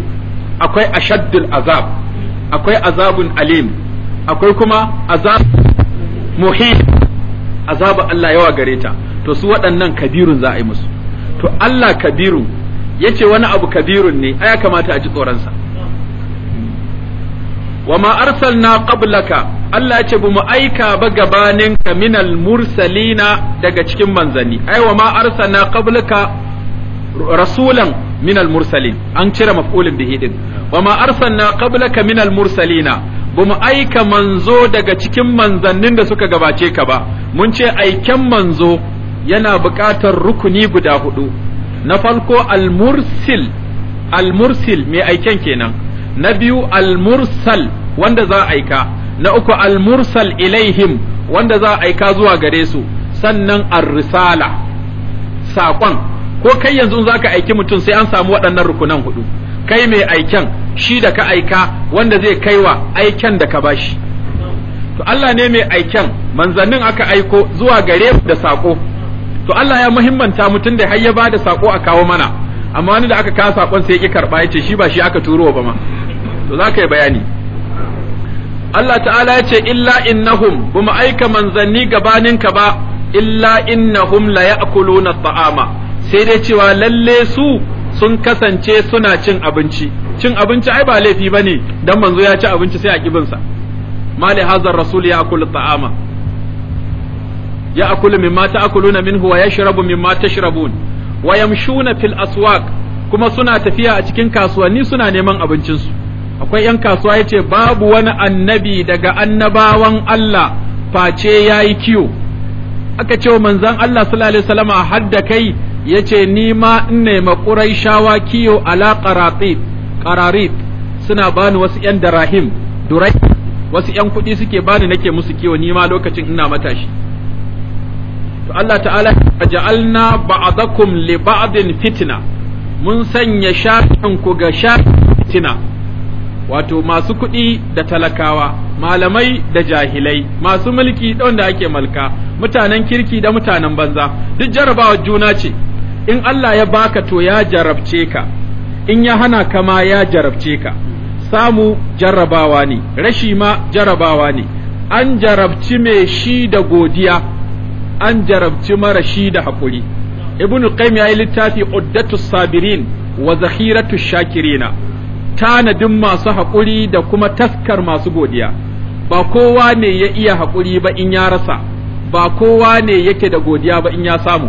A: akwai ashaddul azab akwai azabun alim akwai kuma azab muhim azaba Allah yawa gare ta to su waɗannan kabirun za a yi musu to Allah kabirun yace wani abu kabirun ne aya kamata a ji tsoronsa wa ma arsalna qablaka Allah yace bu mu aika ba gabanin ka minal mursalina daga cikin manzanni ai wa ma arsalna qablaka rasulan minal mursalin an cire maf'ulin bihi din wa ma arsalna qablaka minal mursalina ba mu aika manzo daga cikin manzannin da suka gabace ka ba mun ce aiken manzo yana buƙatar rukuni guda hudu na farko almursil almursil mai aiken kenan na biyu almursal wanda za a aika na uku almursal ilaihim wanda za a aika zuwa gare su sannan ar-risala saƙon ko kai yanzu za ka aiki mutum sai an samu waɗannan rukunan hudu kai mai aiken shi da ka aika wanda zai kai wa aiken da ka bashi to Allah ne mai aiken manzannin aka aiko zuwa gare da sako to Allah ya muhimmanta mutum da har ya bada sako a kawo mana amma wani da aka kawo sakon sai ya ki karba yace shi ba shi aka turo ba ma to za ka yi bayani Allah ta'ala ya ce illa innahum buma aika manzanni gabaninka ba illa innahum la ya'kuluna ta'ama sai dai cewa lalle su sun kasance suna cin abinci cin abinci ai ba laifi ba ne dan manzo ya ci abinci sai a kibinsa mali hazar rasul ya akulu ta'ama ya akulu mimma ta'kuluna minhu wa yashrabu mimma tashrabun wa yamshuna fil aswaq kuma suna tafiya a cikin kasuwanni suna neman abincinsu akwai yan kasuwa yace babu wani annabi daga annabawan Allah face yayi kiyo aka ce manzon Allah sallallahu alaihi wasallam hadda kai yace ni ma in ne maƙurai shawa kiyo ala qaratib qararib suna bani wasu yan darahim durai wasu yan kuɗi suke bani nake musu kiwo ni ma lokacin ina matashi to Allah ta'ala ja'alna ba'dakum li ba'din fitna mun sanya shafin ku ga shafin fitina wato masu kuɗi da talakawa malamai da jahilai masu mulki da wanda ake malka mutanen kirki da mutanen banza duk jarabawa juna ce in Allah ya baka to ya jarabce ka in ya hana ka ma ya jarabce ka samu jarrabawa ne rashi ma jarrabawa ne an jarabci mai shi da godiya an jarabci mara shi da haƙuri ibnu qayyim ya yi littafi uddatu sabirin wa zakhiratu shakirina tanadin masu haƙuri da kuma taskar masu godiya ba kowa ne ya iya haƙuri ba in ya rasa ba kowa ne yake da godiya ba in ya samu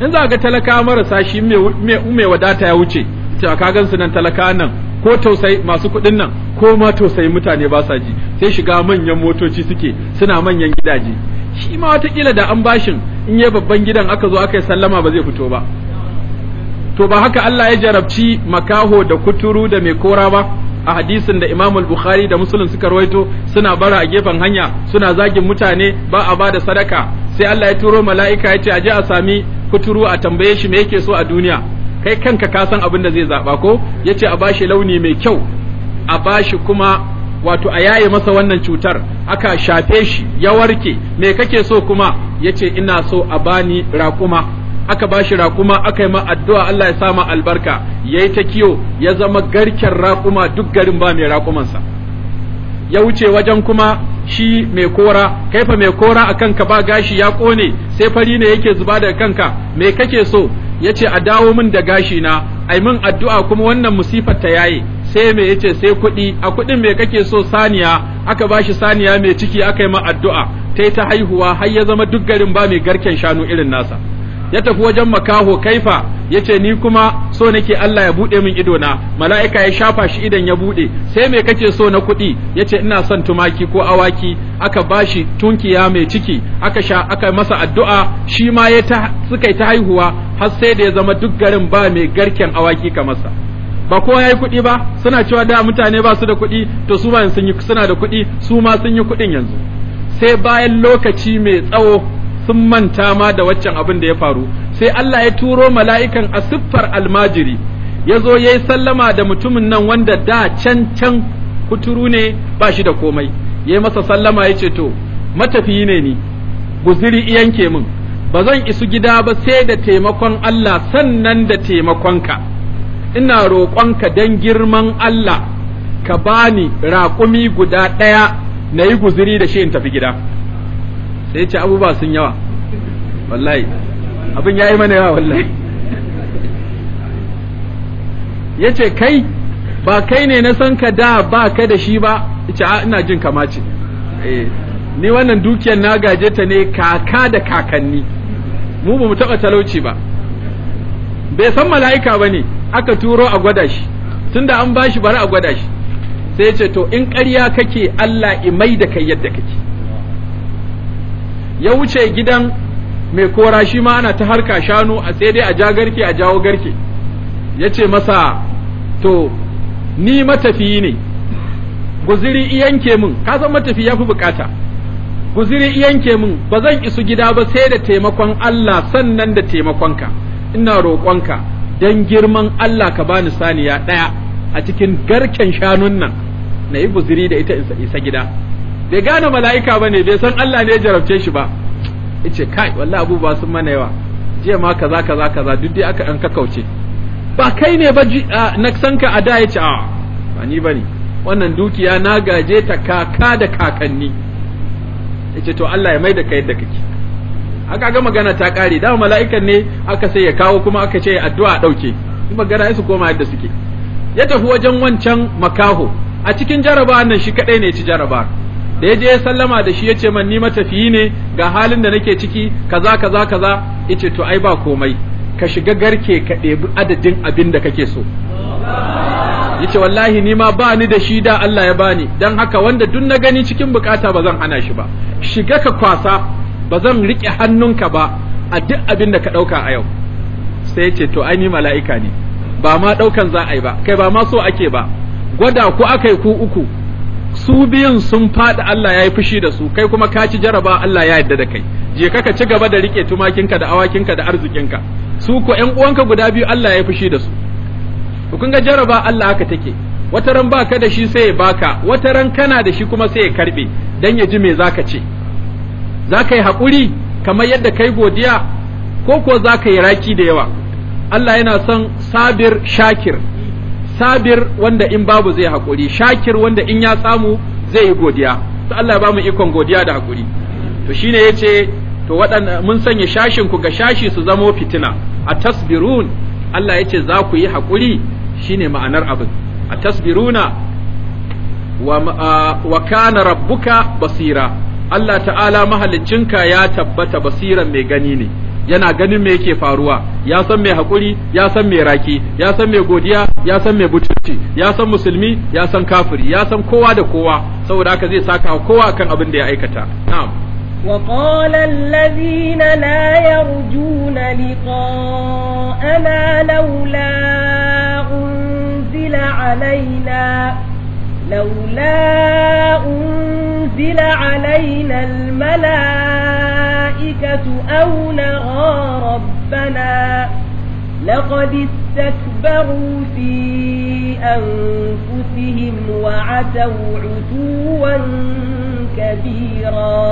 A: in za ga talaka marasa shi mai wadata ya wuce cewa ka su nan talaka nan ko tausayi masu kuɗin nan ko ma tausayi mutane ba sa ji sai shiga manyan motoci suke suna manyan gidaje shi ma watakila da an bashin in ya babban gidan aka zo aka yi sallama ba zai fito ba to ba haka Allah ya jarabci makaho da kuturu da mai kora ba a hadisin da Imam al-Bukhari da Muslim suka rawaito suna bara a gefen hanya suna zagin mutane ba a bada sadaka sai Allah ya turo mala'ika ya ce a je a sami kuturu a tambaye shi me yake so a duniya kai kanka ka san abin da zai zaɓa ko yace a bashi launi mai kyau a bashi kuma wato a yaye masa wannan cutar aka shafe shi ya warke me kake so kuma yace ina so a bani raƙuma aka bashi raƙuma aka yi ma addu'a Allah ya sa ma albarka yayi ta kiyo ya zama garken raƙuma duk garin ba mai raƙumansa ya wuce wajen kuma shi mai kora kaifa mai kora a kanka ba gashi ya kone sai fari ne yake zuba daga kanka me kake so yace a dawo min da gashi na ai min addu'a kuma wannan musifar ta yaye sai mai yace sai kuɗi a kuɗin mai kake so saniya aka ba shi saniya mai ciki aka yi ma addu'a tai ta haihuwa har ya zama duk garin ba mai garken shanu irin nasa ya tafi wajen makaho kaifa ya ce ni kuma so nake Allah ya buɗe min ido na mala'ika ya shafa shi idan ya buɗe sai me kake so na kuɗi ya ce ina son tumaki ko awaki aka bashi tunkiya mai ciki aka sha aka masa addu'a shi ma ya ta suka ta haihuwa har sai da ya zama duk garin ba mai garken awaki ka masa ba kowa yayi kuɗi ba suna cewa da mutane ba su da kuɗi to su ma sun yi suna da kuɗi su ma sun yi kuɗin yanzu sai bayan lokaci mai tsawo sun manta ma da waccan abin da ya faru sai Allah ya turo mala'ikan a almajiri ya zo ya yi sallama da mutumin nan wanda da can can kuturu ne ba shi da komai ya yi masa sallama ya ce to matafiyi ne ni guziri yanke min ba zan isu gida ba sai da taimakon Allah sannan da taimakonka ina roƙonka don girman Allah ka bani raƙumi guda ɗaya na yi guziri da shi in tafi gida sai ce abubuwa sun yawa wallahi abin ya yi mana yawa wallahi ya ce kai ba kai ne na san ka da ba ka da shi ba ce a ina jin kamace eh, ni wannan dukiyar na gaje ta ne kaka da kakanni mu ba mu taɓa talauci ba bai san mala'ika ba ne aka turo a gwada shi tun da an bashi bari a gwada shi sai ce to in ƙarya kake Allah imai da kai yadda kake ya wuce gidan mai kora shi ma ana ta harka shanu a dai a ja garke a jawo garke ya ce masa to ni matafiyi ne guziri iyanke min ka san matafi ya fi bukata guziri iyanke min ba zan isu gida ba sai da taimakon Allah sannan da taimakonka ina roƙonka don girman Allah ka bani saniya ɗaya a cikin garken shanun nan na yi guziri da ita isa gida bai gane mala'ika ba ne bai san Allah ne ya jarabce shi ba ice kai wallahi abubuwa sun mana yawa jiya ma kaza kaza kaza duk dai aka an kakauce ba kai ne ba na san ka a da yace a ba ni bane wannan dukiya na gaje ta kaka da kakanni yace to Allah ya mai da kai yadda kake aka ga magana ta kare da mala'ikan ne aka sai ya kawo kuma aka ce addu'a dauke magana su koma yadda suke ya tafi wajen wancan makaho a cikin jaraba nan shi kadai ne ya ci jaraba da je ya sallama da shi ya ce man ni matafiyi ne ga halin da nake ciki kaza kaza kaza yace to ai ba komai ka shiga garke ka ɗebi adadin abin da kake so yace wallahi ni ma ba ni da shi da Allah ya bani dan haka wanda duk na gani cikin bukata ba zan hana shi ba shiga ka kwasa ba zan rike hannunka ba a duk abin da ka ɗauka a yau sai ya ce to ai ni mala'ika ne ba ma ɗaukan za a yi ba kai ba ma so ake ba gwada ku aka yi ku uku su biyun sun faɗi Allah ya yi fushi da su kai kuma ka ci jaraba Allah ya yarda da kai je ka ci gaba da rike tumakinka da awakinka da arzikinka su ko ƴan uwanka guda biyu Allah ya yi fushi da su to kun ga jaraba Allah haka take wata ran baka da shi sai ya baka wata ran kana da shi kuma sai ya karbe dan ya ji me zaka ce zaka yi haƙuri kamar yadda kai godiya ko ko zaka yi raki da yawa Allah yana son sabir shakir sabir wanda in babu zai hakuri shakir wanda in ya samu zai yi godiya to Allah ba mu ikon godiya da hakuri to shine yace to waɗanda mun sanya shashin ku ga shashi su zamo fitina a tasbirun Allah yace za ku yi haƙuri shine ma'anar abin a tasbiruna wa, wa kana rabbuka basira Allah ta'ala mahalicinka ya tabbata basiran mai gani ne yana ganin me yake faruwa ya san mai hakuri ya san mai raki ya san mai godiya ya san mai butulci ya san musulmi ya san kafiri ya san kowa da kowa saboda haka zai saka kowa kan abin da ya aikata na'am
B: وقال الذين لا يرجون لقاءنا لولا أنزل علينا لولا أنزل علينا الملائكة الْمَلَائِكَةُ أَوْ نَرَىٰ رَبَّنَا لَقَدِ اسْتَكْبَرُوا فِي أَنفُسِهِمْ وَعَتَوْا عُتُوًّا كَبِيرًا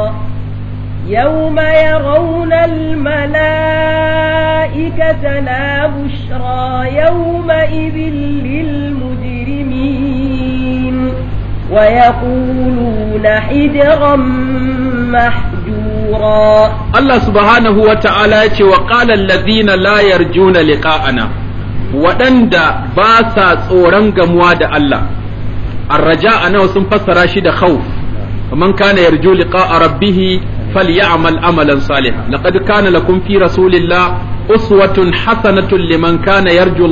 B: يَوْمَ يَرَوْنَ الْمَلَائِكَةَ لَا بُشْرَىٰ يَوْمَئِذٍ لِّلْمُجْرِمِينَ وَيَقُولُونَ حِجْرًا مَّحْجُورًا
A: Allah نشورا ya ce وتعالى وقال الذين لا يرجون لقاءنا waɗanda ba sa tsoron gamuwa da Allah arraja a nawa sun fassara shi da khawf man kana yarju liqa'a rabbih falyamal amalan salihan laqad kana lakum fi rasulillah uswatun hasanatun liman kana yarju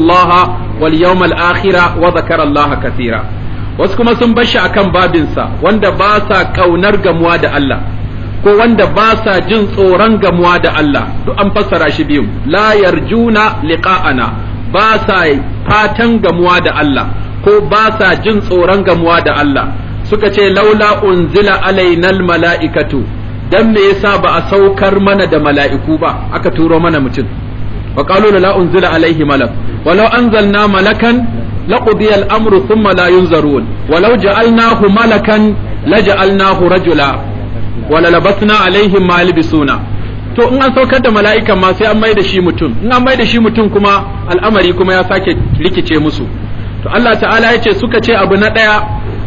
A: wal yawmal akhira wa dhakara Allah wasu kuma sun bar shi akan babinsa wanda ba sa kaunar gamuwa da Allah ko wanda ba sa jin tsoron gamuwa da Allah duk an fassara shi biyu la yarjuna liqa'ana ba sa fatan gamuwa da Allah ko ba sa jin tsoron gamuwa da Allah suka ce laula unzila alainal mala'ikatu dan me yasa ba a saukar mana da mala'iku ba aka turo mana mutum wa qalu la unzila alaihi malak walau anzalna malakan laqudiya al-amru thumma la yunzarun walau ja'alnahu malakan laja'alnahu rajula wala labasna alaihim ma yalbisuna to in an saukar da mala'ikan ma sai an mai da shi mutum in an mai da shi mutum kuma al'amari kuma ya sake rikice musu to Allah ta'ala ya ce suka ce abu na daya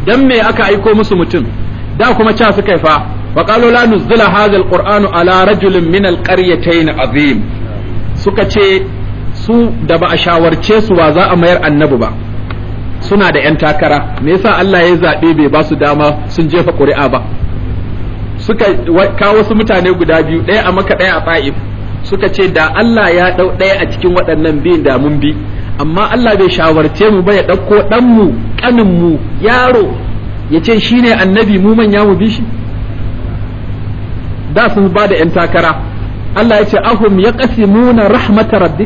A: dan me aka aiko musu mutum da kuma ca suka yi fa wa qalu la nuzila hadha alqur'anu ala rajulin min alqaryatayn azim suka ce su da ba a shawarce su wa za a mayar annabi ba suna da 'yan takara me yasa Allah ya zaɓe bai ba su dama sun jefa ƙuri'a ba suka kawo wasu mutane guda biyu ɗaya a maka ɗaya a ta'if suka ce da Allah ya ɗau ɗaya a cikin waɗannan biyun da mun bi amma Allah bai shawarce mu ba ya ɗauko ɗanmu mu yaro ya ce shi ne annabi mu manya mu bi shi da sun ba da ‘yan takara Allah ya ce ahum ya muna rahmatar rabbi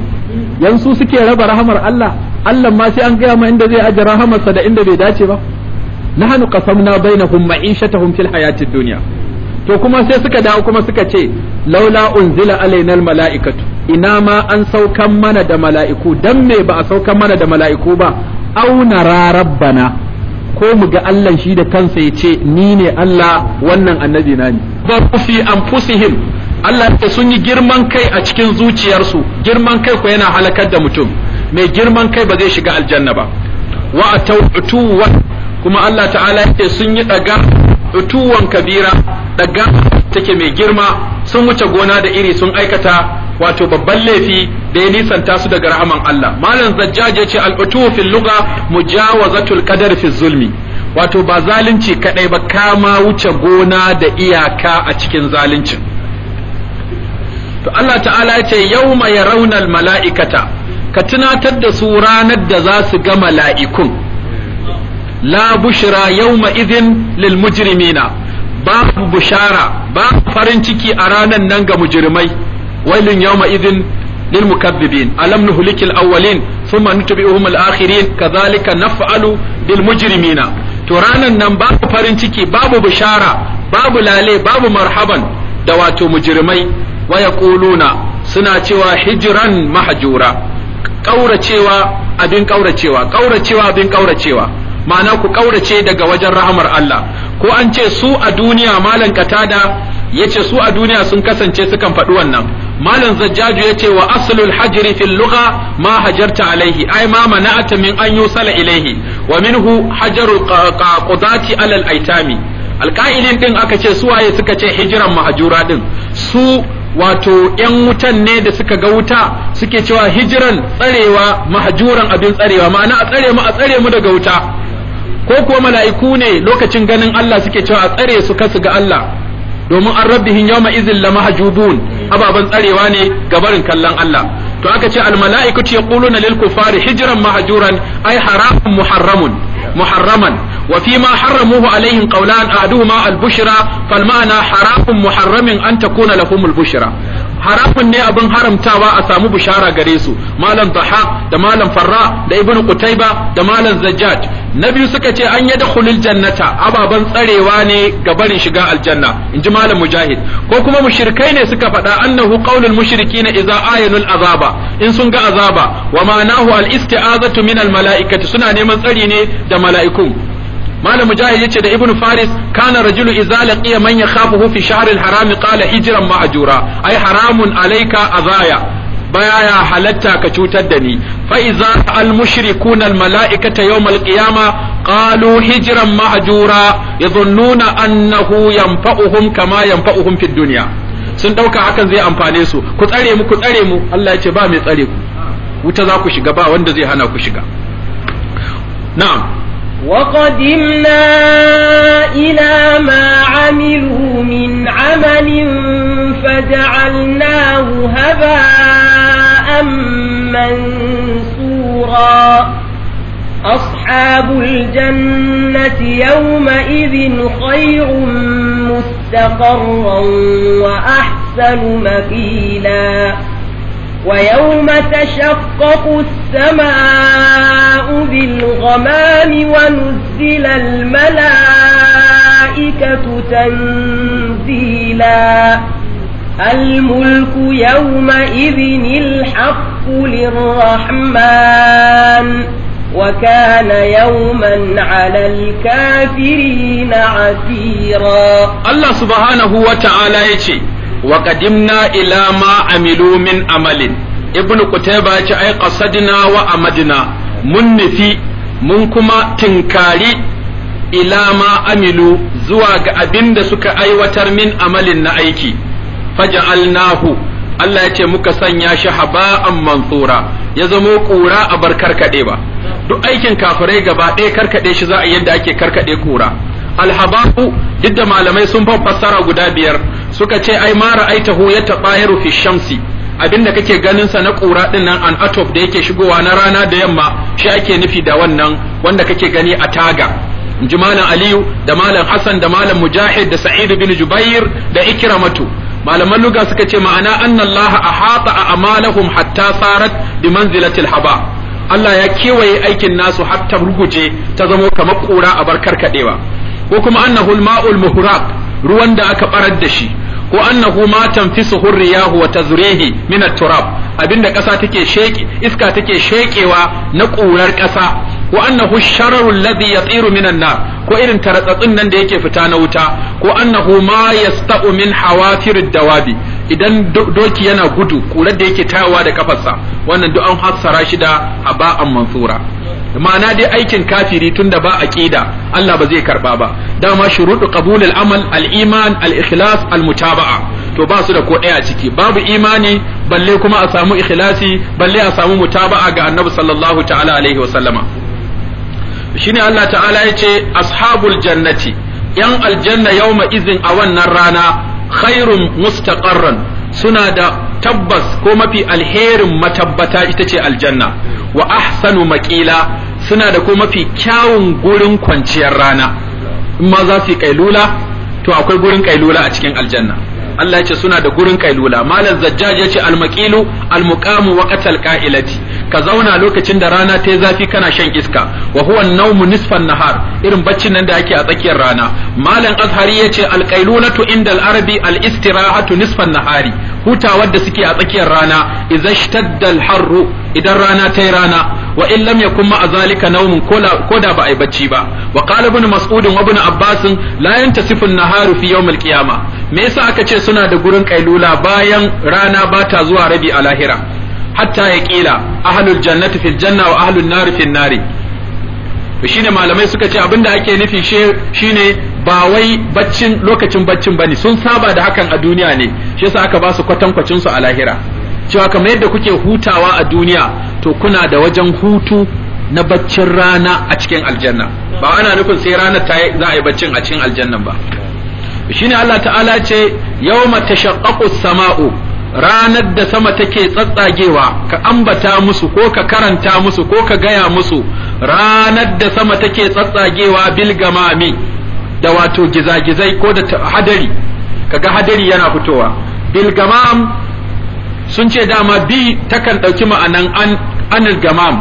A: Yanzu suke raba rahamar Allah Allah ma sai an gaya ma inda zai aje rahamarsa da inda bai dace ba nahnu qasamna bainahum ma'ishatahum fil hayatid dunya to kuma sai suka dawo kuma suka ce laula unzila alainal mala'ikatu ina ma an saukan mana da mala'iku dan me ba a saukan mana da mala'iku ba au nara rabbana ko mu ga Allah shi da kansa ya ce ni ne Allah wannan annabi na ni ba fi anfusihim Allah ya sun yi girman kai a cikin zuciyarsu girman kai ko yana halakar da mutum mai girman kai ba zai shiga aljanna ba wa wa kuma Allah ta'ala yake sun yi daga utuwan kabira daga take mai girma sun wuce gona da iri sun aikata wato babban laifi da ya nisanta su daga rahaman Allah malam zajjaj ya ce al-utu fil lugha mujawazatul qadar fi zulmi wato ba zalunci kadai ba kama wuce gona da iyaka a cikin zalunci to Allah ta'ala ya ce yawma yarawna al-mala'ikata ka tunatar da su ranar da za su ga mala'ikun la bushra yawma idhin lil mujrimina babu bushara ba farin ciki a ranar nan ga mujrimai wailun yawma idhin lil mukaththibin alam nuhlikil awwalin thumma nutbi'uhum al akhirin kadhalika naf'alu bil mujrimina to ranan nan babu farin ciki babu bushara babu lale babu marhaban da wato mujrimai waya yaquluna suna cewa hijiran mahjura kauracewa abin kauracewa kauracewa abin kauracewa ma'ana ku kaurace daga wajen rahamar Allah ko an ce su a duniya malan katada yace su a duniya sun kasance sukan faɗi wannan malan zajjaju yace wa aslul hajri fil lugha ma hajarta alaihi ai ma mana'ata min an yusala ilaihi wa minhu hajaru qudati alal aitami alƙa'ilin din aka ce su waye suka ce hijiran mahajura din su wato ‘yan wutan ne da suka ga wuta suke cewa hijiran tsarewa mahajuran abin tsarewa ma'ana a tsare mu a tsare mu daga wuta ko kuwa mala'iku ne lokacin ganin Allah suke cewa a tsare su kasu ga Allah domin an rabbihin yawma izin lama hajubun ababen tsarewa ne barin kallon Allah to aka ce al mala'ikatu yaquluna lil kufari hijiran mahjuran ay haramun muharramun muharraman وفيما حرموه عليهم قولان أحدهما البشرى فالمعنى حرام محرم أن تكون لهم البشرى haramun ne abin haramtawa a samu bishara gare su malam Zaha da malam farra da ibn qutayba da malam Zajjad na biyu suka ce an yada khulul jannata ababen tsarewa ne ga barin shiga aljanna inji malam mujahid ko kuma mushirikai ne suka faɗa annahu qaulul mushrikina idza ayanul azaba in sun ga azaba wa ma'anahu al isti'azatu min al mala'ikati suna neman tsari ne da mala'ikun malam mujahid yace da ibnu faris kana rajulu idza laqiya man yakhafuhu fi shahr al-haram qala hijran ma'jura ai haramun alayka azaya baya halatta ka cutar da ni fa idza al-mushrikuna al-mala'ikata yawm al-qiyama qalu hijran ma'jura yadhunnuna annahu yanfa'uhum kama yanfa'uhum fi dunya sun dauka hakan zai amfane su ku tsare mu ku tsare mu Allah ya ce ba mai tsare ku wuta za ku shiga ba wanda zai hana ku shiga na'am
B: وقدمنا إلى ما عملوا من عمل فجعلناه هباء منثورا أصحاب الجنة يومئذ خير مستقرا وأحسن مقيلا ويوم تشقق السماء بالغمام ونزل الملائكة تنزيلا الملك يومئذ الحق للرحمن وكان يوما على الكافرين عسيرا
A: الله سبحانه وتعالى يتي wa qadimna ila ma amilu min amalin ibnu kutaiba ya ce ai qasadna wa amadna mun nufi mun kuma tinkari ila ma amilu zuwa ga abin da suka aiwatar min amalin na aiki faja'alnahu Allah ya ce muka sanya shi haba'an mansura ya zamo kura a bar karkaɗe ba duk aikin kafirai gaba ɗaya karkade shi za a yi yadda ake karkade kura alhababu duk malamai sun fassara guda biyar suka ce ai ma ra'aitahu yatabahiru fi shamsi abinda kake ganin sa na ƙura din nan an atop da yake shigowa na rana da yamma shi ake nufi da wannan wanda kake gani a taga inji malam aliyu da malam hassan da malam mujahid da sa'id bin jubair da ikramatu malaman luga suka ce ma'ana annallaha ahata a amalahum hatta sarat bi manzilatil haba Allah ya kewaye aikin nasu hatta ruguje ta zamo kamar ƙura a barkar kadewa ko kuma annahu al-ma'ul muhrab ruwan da aka barar da shi ko annahu ma tanfisuhu ar-riyahu wa tazrihi min at-turab abinda kasa take sheke iska take shekewa na ƙurar kasa ko annahu shararul alladhi yatiru min an-nar ko irin taratsatsin nan da yake fita na wuta ko annahu ma yasta'u min hawatir ad-dawabi idan doki yana gudu kurar da yake tayawa da kafarsa wannan duk an hassara shi da haba'an mansura ma'ana dai aikin kafiri tunda ba aqida Allah ba zai karba ba dama shuruɗu qabul al-amal al-iman al-ikhlas al-mutaba'a to ba su da ko ɗaya ciki babu imani balle kuma a samu ikhlasi balle a samu mutaba'a ga annabi sallallahu ta'ala alaihi wa sallama shine Allah ta'ala ya ce ashabul jannati yan aljanna yawma izin a wannan rana khairun mustaqarran suna da tabbas ko mafi alherin matabbata ita ce aljanna wa ahsanu maƙila suna da ko mafi kyawun gurin kwanciyar rana in ma za su yi kailula to akwai gurin kailula a cikin aljanna Allah ya ce suna da gurin kailula malam zajjaj ya ce almaƙilu almuqamu waqtal qailati ka zauna lokacin da rana ta yi zafi kana shan iska wa huwa an-nawmu nisfan nahar irin baccin nan da ake a tsakiyar rana malam azhari yace al-qailulatu inda al-arabi al-istirahatu nisfan nahari hutawar da suke a tsakiyar rana idza shtadda al idan rana ta yi rana wa in lam yakun ma azalika nawmun ko da ba yi bacci ba wa qala ibn mas'ud wa ibn abbas la yantasifu an-naharu fi yawm al-qiyamah me yasa aka ce suna da gurin kailula bayan rana ba ta zuwa rabi a lahira hatta ya kila ahlul jannati fil janna wa ahlun nari fil nari shine malamai suka ce abinda ake nufi shine ba wai baccin lokacin baccin bane sun saba da hakan a duniya ne shi yasa aka ba su kwatankwacin su a lahira cewa kamar yadda kuke hutawa a duniya to kuna da wajen hutu na baccin rana a cikin aljanna ba ana nufin sai ranar ta za a yi baccin a cikin aljannan ba shine Allah ta'ala ce yawma tashaqqaqu sama'u ranar da sama take tsatsagewa ka ambata musu ko ka karanta musu ko ka gaya musu ranar da sama take tsatsagewa bilgamami da wato gizagizai ko da hadari kaga hadari yana fitowa bilgamam sun ce dama bi takan ɗauki ma'anan an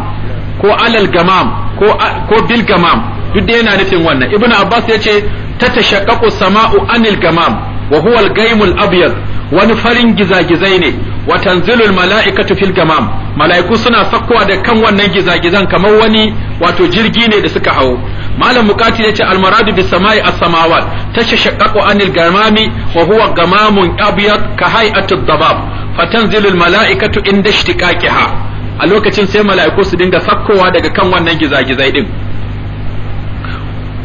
A: ko alal ko ko duk da yana nufin wannan ibnu abbas ya ce ta tashaqqaqu sama'u anil gamam wa huwa al abyad wani farin gizagizai ne wa tanzilul mala'ikatu fil gamam mala'iku suna sakkowa da kan wannan gizagizan kamar wani wato jirgi ne da suka hau malam bukati ce, al maradu bis sama'i as samawat tashaqqaqu anil gamami wa huwa gamamun abyad ka hay'ati dabab fatanzilul mala'ikatu inda ishtiqaqiha a lokacin sai mala'iku su dinga sakkowa daga kan wannan gizagizai din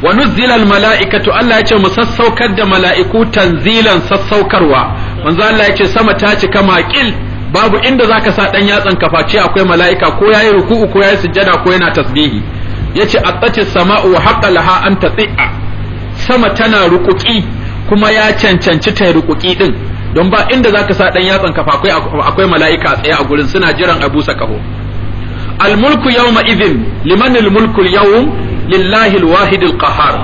A: wa nuzzilal mala'ikatu Allah yace mu sassaukar da mala'iku tanzilan sassaukarwa manzo Allah yace sama ta cika maƙil babu inda zaka sa dan yatsan kafa ce akwai mala'ika ko yayi ruku'u ko yayi sujjada ko yana tasbihi yace attati sama'u wa haqqa laha an tati'a sama tana rukuki kuma ya cancanci ta rukuki din don ba inda zaka sa dan yatsan kafa akwai akwai mala'ika tsaye a gurin suna jiran abusa kaho al mulku yawma idhin liman al mulku al yawm lillahi alwahid alqahar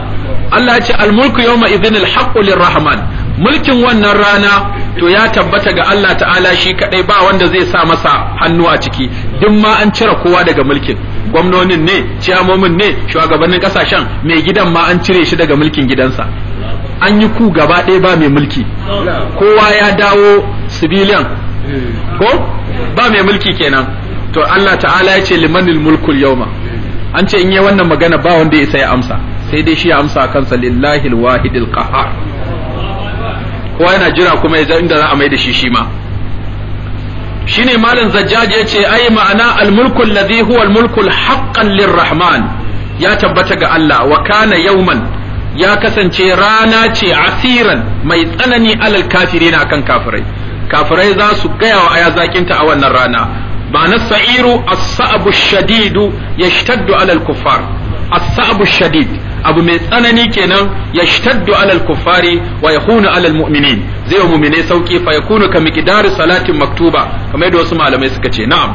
A: Allah ya ce almulku yawma idhin alhaqqu lirrahman mulkin wannan rana to ya tabbata ga Allah ta'ala shi kadai ba wanda zai sa masa hannu a ciki duk ma an cire kowa daga mulkin gwamnonin ne ciyamomin ne shugabannin kasashen mai gidan ma an cire shi daga mulkin gidansa an yi ku gaba ɗaya ba mai mulki kowa ya dawo civilian ko ba mai mulki kenan to Allah ta'ala ya ce limanil mulkul yawma an ce in yi wannan magana ba wanda ya sai amsa sai dai shi ya amsa kansa lillahi alwahidil qahar kowa yana jira kuma ya inda za a mai da shi shi ma shine malam zajjaj ya ce ai ma'ana almulku alladhi huwa almulku haqqan lirrahman ya tabbata ga Allah wa kana yawman ya kasance rana ce asiran mai tsanani alal kafirina akan kafirai kafirai za su gaya wa aya zakinta a wannan rana ma'ana sa'iru as-sa'bu shadidu yashtaddu ala al-kuffar as-sa'bu shadid abu mai tsanani kenan yashtaddu ala al-kuffari wa yakunu ala al-mu'minin zai wa mu'mine sauki fa yakunu ka miqdar salatin maktuba kamar yadda wasu malamai suka ce na'am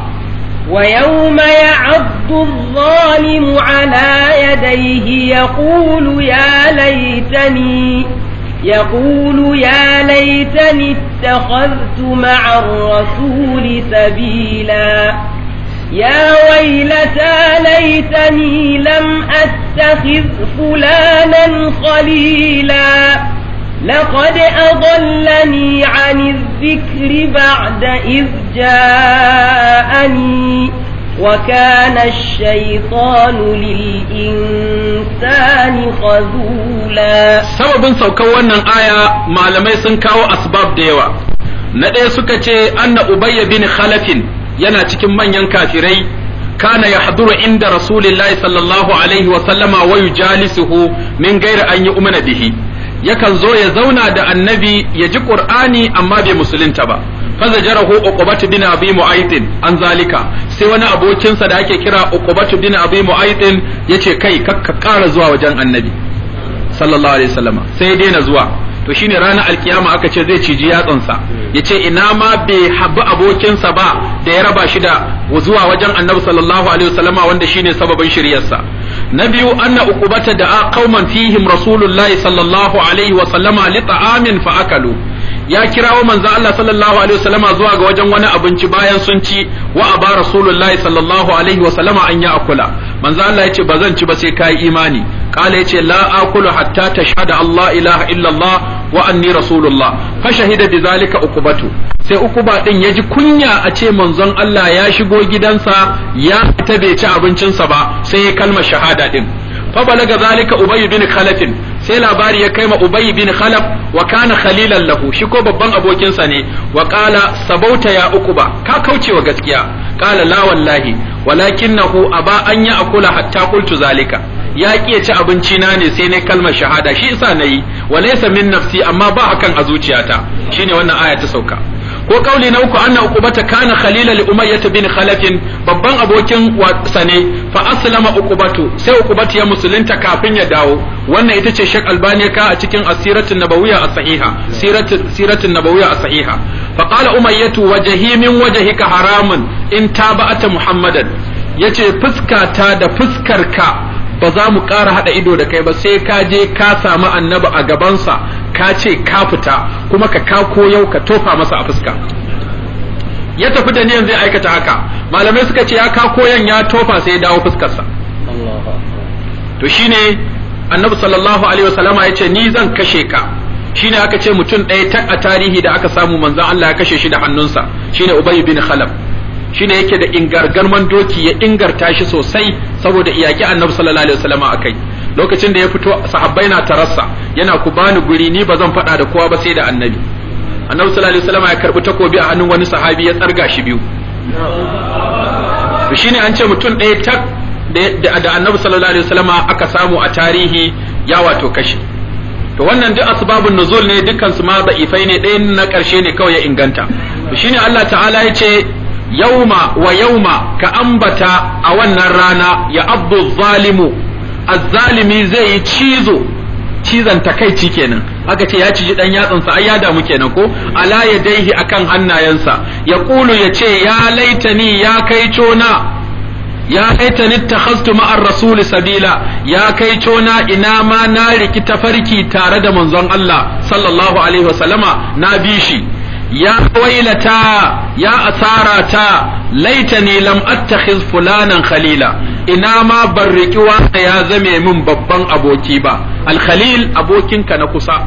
B: ويوم يعض الظالم على يديه يقول يا ليتني يقول يا ليتني اتخذت مع الرسول سبيلا يا ويلتى ليتني لم أتخذ فلانا خليلا لقد أضلني عن الذكر بعد إذ جاءني وكان الشيطان للإنسان خذولا
A: سبب saukar wannan aya malamai sun kawo asbab da yawa na ɗaya suka ce anna ubayya bini khalafin yana cikin manyan kafirai kana yahduru inda rasulillahi sallallahu alaihi wa sallama wa yujalisuhu min gaira an yu'mina bihi yakan zo ya zauna da annabi ya ji qur'ani amma bai musulunta ba fazajarahu uqbatu bin abi mu'aytin an zalika sai wani abokin sa da ake kira uqbatu bin abi mu'aytin yace kai ka ƙara zuwa wajen annabi sallallahu alaihi wasallam sai daina zuwa to shine ranar alkiyama aka ce zai ciji yatsansa ya ce ina ma bai habi abokinsa ba da ya raba shi da zuwa wajen annabi sallallahu alaihi wasallama wanda shine sababin shiryarsa na biyu anna uqubata da qauman fihim rasulullahi sallallahu alaihi wasallama li ta'amin fa akalu ya kirawo manzo Allah sallallahu alaihi wasallama zuwa ga wajen wani abinci bayan sun ci wa ba rasulullahi sallallahu alaihi wasallama an ya akula manzo Allah ce ba zan ci ba sai kai imani kala yace la akulu hatta tashhada Allah ilaha illa Allah wa anni rasulullah fa shahida bi zalika ukubatu sai ukuba din yaji kunya a ce manzon Allah ya shigo gidansa ya fita bai ci abincinsa ba sai ya kalma shahada din fa balaga zalika ubay bin khalaf sai labari ya kai ma ubay bin khalaf wa kana khalilan lahu shi ko babban abokin sa ne wa qala sabauta ya ukuba ka kauce wa gaskiya qala la wallahi walakinahu aba an ya akula hatta qultu zalika ya ki ci abinci na ne sai ne kalmar shahada shi isa nayi wa laysa min nafsi amma ba hakan a zuciyata shine wannan aya ta sauka ko kauli na uku anna uqubata kana khalila li umayyah bin khalaf babban abokin Wasane, fa aslama Ukubatu, sai Ukubatu ya musulunta kafin ya dawo wannan ita ce shek Albani ka a cikin asiratun nabawiyya a sahiha siratun siratun nabawiyya a sahiha fa qala umayyah wajhi min wajhika haramun in taba'ata muhammadan yace fuskata da fuskar ka. ba za mu ƙara haɗa ido da kai ba sai ka je ka samu annabi a gabansa ka ce ka fita kuma ka ka koyau ka tofa masa a fuska ya tafi da niyan zai aikata haka malamai suka ce ya ka koyan ya tofa sai ya dawo fuskarsa to shine annabi sallallahu alaihi wasallama ya ce ni zan kashe ka shine aka ce mutum ɗaya tak a tarihi da aka samu manzon Allah ya kashe shi da hannunsa shine Ubay bin Khalaf shi ne yake da ingargarman doki ya ingarta shi sosai saboda iyaki annabi sallallahu alaihi wasallam akai lokacin da ya fito sahabbai na tarassa yana ku bani guri ni ba zan faɗa da kowa ba sai da annabi annabi sallallahu alaihi wasallam ya karbi takobi a hannun wani sahabi ya tsarga shi biyu To shine an ce mutum ɗaya tak da annabi sallallahu alaihi wasallam aka samu a tarihi ya wato kashi to wannan duk asbabun nuzul ne dukkan su ma da'ifai ne ɗayan na karshe ne kawai ya inganta shine Allah ta'ala ya ce yauma wa yauma ka ambata a wannan rana ya abdu zalimu azzalimi zai yi cizo cizon takaici kenan aka ce ya ciji dan yatsansa ai ya damu kenan ko ala ya yadaihi akan hannayensa ya kulu ya ce ya laitani ya kai cona ya laita ni takhastu ma'ar rasul sabila ya kai cona ina ma na riki tafarki tare da manzon Allah sallallahu alaihi wasallama na bi shi ya wailata ya asarata laitani lam attakhiz fulanan khalila ina ma ban riƙi ya zame min babban aboki ba alkhalil abokinka na kusa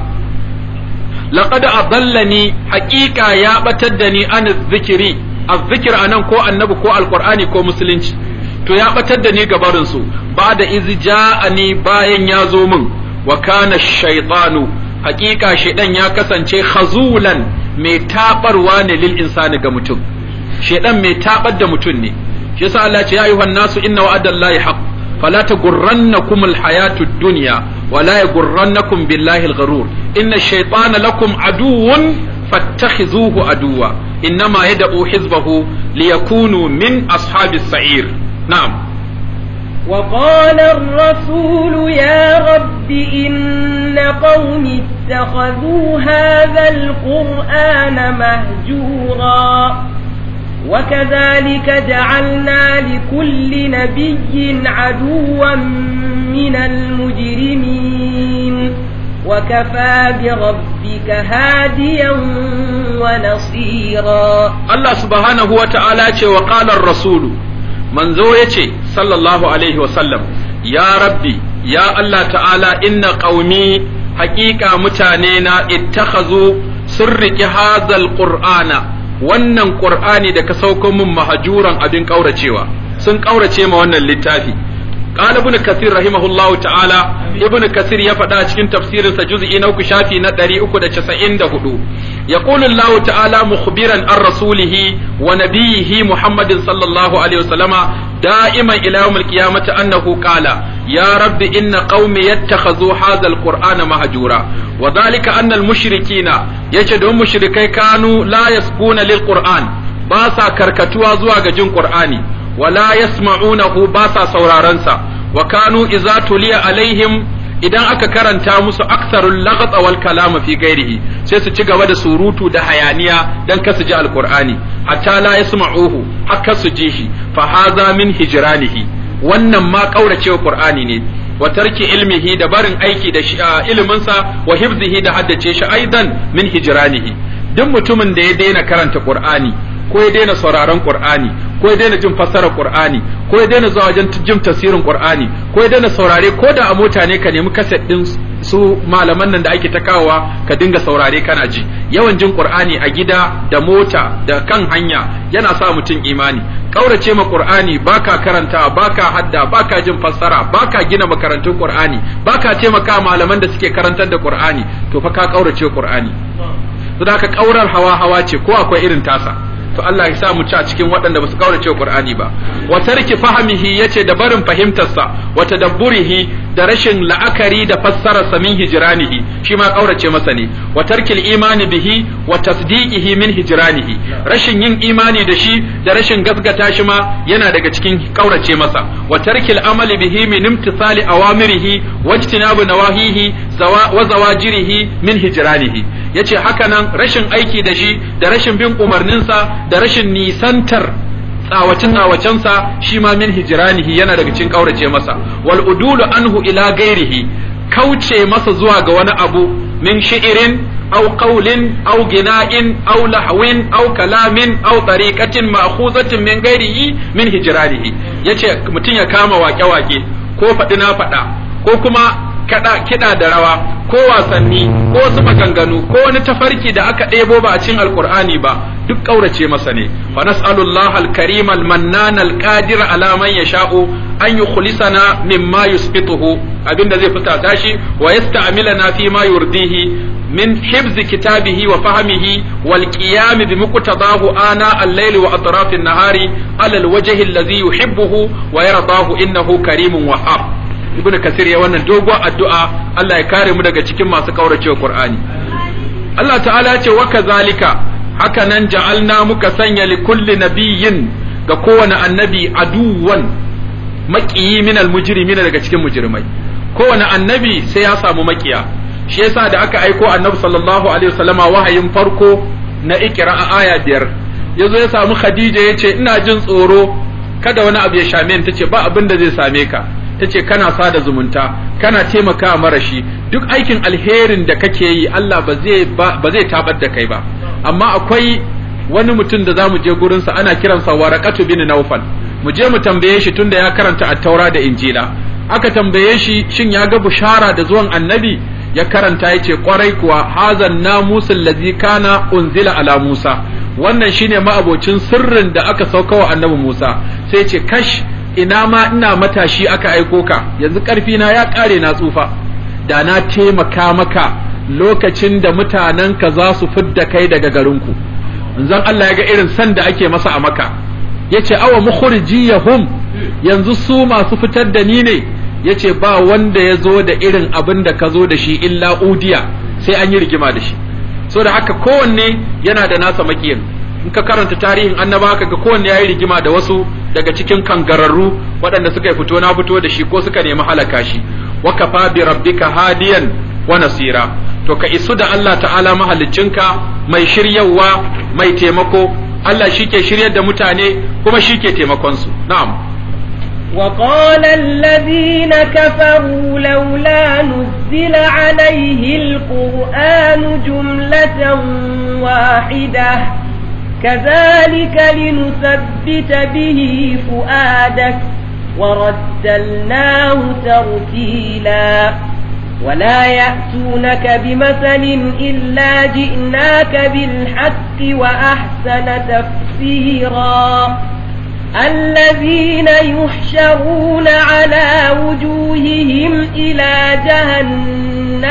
A: laqad adallani haqiqa ya batar da ni an zikiri azzikir anan ko annabi ko alqur'ani ko musulunci to ya batar da ni gabarin su ba da izja'ani bayan ya zo min wa kana shaytanu haqiqa shaydan ya kasance khazulan mai taɓarwa ne lil insani ga mutum shedan mai taɓar da mutum ne shi yasa Allah ce ya ayyuhan nasu inna wa'adallahi haqq fala taghurrannakum hayatu dunya wala yaghurrannakum billahi algharur inna ash-shaytana lakum aduwwun fattakhizuhu aduwwa innama yad'u hizbahu liyakunu min ashabis sa'ir na'am
B: وقال الرسول يا رب إن قومي اتخذوا هذا القرآن مهجورا وكذلك جعلنا لكل نبي عدوا من المجرمين وكفى بربك هاديا ونصيرا
A: الله سبحانه وتعالى وقال الرسول manzo ya ce sallallahu alaihi wasallam ya rabbi ya Allah ta'ala inna ƙaumi haƙiƙa mutane na ittakhazu sun riƙi hazal qur'ana wannan qur'ani da ka sauko min mahajuran abin ƙauracewa sun ƙaurace ma wannan littafi qala ibn kathir rahimahullahu ta'ala ibn kathir ya faɗa cikin na sa juz'i na uku shafi na 394 yaqulu Allah ta'ala mukhbiran an rasulihi wa nabiyhi Muhammadin sallallahu alaihi wasallama da'iman ila yawmil qiyamati annahu qala يا رب إن قومي يتخذوا هذا القرآن مهجورا وذلك أن المشركين Kanu مشركي كانوا لا يسكون sa باسا كركتوا ga جن Ƙur'ani. wala yasma'unahu ba sa sauraron sa wa kanu idza tuliya alaihim idan aka karanta musu aktharul laghat wal kalam fi ghairihi sai su ci gaba da surutu da hayaniya dan kasu ji alqur'ani hatta la yasma'uhu hakka su ji shi fa hadha min hijranihi wannan ma kauracewa qur'ani ne wa tarki ilmihi da barin aiki da iliminsa wa hifzihi da haddace shi aidan min hijranihi duk mutumin da ya daina karanta qur'ani ko ya daina sauraron Qur'ani ko ya daina jin fassarar Qur'ani ko ya daina zuwa wajen jin tafsirin Qur'ani ko ya daina saurare ko da a mota ne ka nemi kaset din su malaman nan da ake ta kawowa ka dinga saurare kana ji yawan jin Qur'ani a gida da mota da kan hanya yana sa mutum imani kaurace ma Qur'ani baka karanta baka hadda baka jin fassara baka gina makarantun Qur'ani baka taimaka malaman da suke karantar da Qur'ani to fa ka kaurace Qur'ani to haka ka kaurar hawa hawa ce ko akwai irin tasa to Allah ya sa mu ci a cikin waɗanda basu kaurace Qur'ani ba wa tarki fahmihi yace da barin fahimtarsa wa tadabburihi da rashin la'akari da fassara min hijranihi shi ma kaurace masa ne wa tarkil imani bihi wa tasdiqihi min hijranihi rashin yin imani da shi da rashin gaskata shi ma yana daga cikin kaurace masa wa tarkil amali bihi min imtithali awamirihi wa ijtinabu nawahihi wa zawajirihi min hijranihi yace haka nan rashin aiki da shi da rashin bin umarninsa da rashin nisantar tsawacin tsawacensa shi ma min hijranihi yana daga cikin kaurace masa wal udulu anhu ila gairihi kauce masa zuwa ga wani abu min shi'irin aw qawlin aw gina'in aw lahwin aw kalamin aw tariqatin ma'khuzatin min gairihi min hijranihi yace mutum ya kama wake wake ko faɗi na faɗa ko kuma kada kiɗa da rawa ko wasanni ko wasu maganganu ko wani tafarki da aka ɗebo ba a cikin alkur'ani ba duk ƙaurace masa ne fa nas'alullah al-karim al-mannan al-qadir ala man yasha'u an yukhlisana mimma yusbituhu abinda zai fita tashi wa yasta'milana fi ma yurdihi من حفظ كتابه وفهمه wa بمقتضاه آناء nahari وأطراف النهار على الوجه الذي يحبه ويرضاه innahu Karimun وهاب ibnu kasir ya wannan dogon addu'a Allah ya kare mu daga cikin masu kauracewa qur'ani Allah ta'ala ce wa kazalika haka nan ja'alna muka sanya li kulli nabiyyin ga kowane annabi aduwan maƙiyi minal mujrimina daga cikin mujrimai kowane annabi sai ya samu maƙiya shi yasa da aka aiko annabi sallallahu alaihi wasallama wahayin farko na ikira a aya biyar yazo ya samu khadija yace ina jin tsoro kada wani abu ya shame ni ce ba abin da zai same ka ce kana sada zumunta kana taimaka marashi duk aikin alherin da kake yi Allah ba zai ba tabar da kai ba amma akwai wani mutum da zamu je gurinsa sa ana kiransa Waraqatu bin Nawfal mu je mu tambaye shi tunda ya karanta at-Taura da Injila aka tambaye shi shin ya ga bushara da zuwan annabi ya karanta ya ce kwarai kuwa hazan namusul ladzi kana unzila ala Musa wannan shine ma'abocin sirrin da aka sauka wa annabi Musa sai ce kash ina ma ina matashi aka aiko ka yanzu karfi na ya ƙare na tsufa da na taimaka maka lokacin da mutanen ka za su fidda kai daga garinku zan Allah ya ga irin san da ake masa a maka yace awa hum. yanzu su masu fitar da ni ne yace ba wanda ya zo da irin abin da ka zo da shi illa udiya sai an yi rigima da shi so da haka kowanne yana da nasa makiyin in ka karanta tarihin annaba ka ga kowanne ya yi rigima da wasu daga cikin kangararru waɗanda suka yi fito na fito da shi ko suka nemi halaka shi wa kafa bi rabbika hadiyan wa nasira to ka isu da Allah ta'ala mahaliccinka mai shiryawa mai taimako Allah shi ke shiryar da mutane kuma shi ke taimakon su na'am
B: وقال الذين كفروا لولا نزل عليه القرآن جملة واحدة كذلك لنثبت به فؤادك ورتلناه ترتيلا ولا يأتونك بمثل إلا جئناك بالحق وأحسن تفسيرا الذين يحشرون على وجوههم إلى جهنم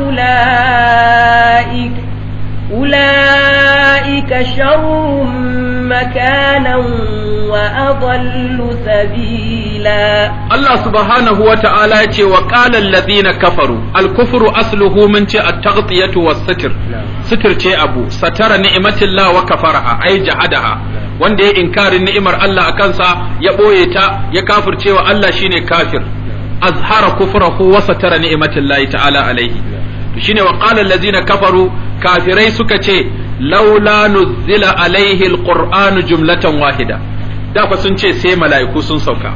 B: أولئك أولئك شر مكانا وأضل سبيلا
A: الله سبحانه وتعالى وقال الذين كفروا الكفر أصله من التغطية والستر ستر أبو ستر نعمة الله وكفرها أي جحدها wanda ya inkarin ni'imar Allah a kansa ya ɓoye ta ya cewa Allah shine kafir azhara kufrahu wa satara ni'matillahi ta'ala alaihi to shine wa qala allazina kafaru kafirai suka ce laula nuzila alaihi alquran jumlatan wahida da fa sun ce sai mala'iku sun sauka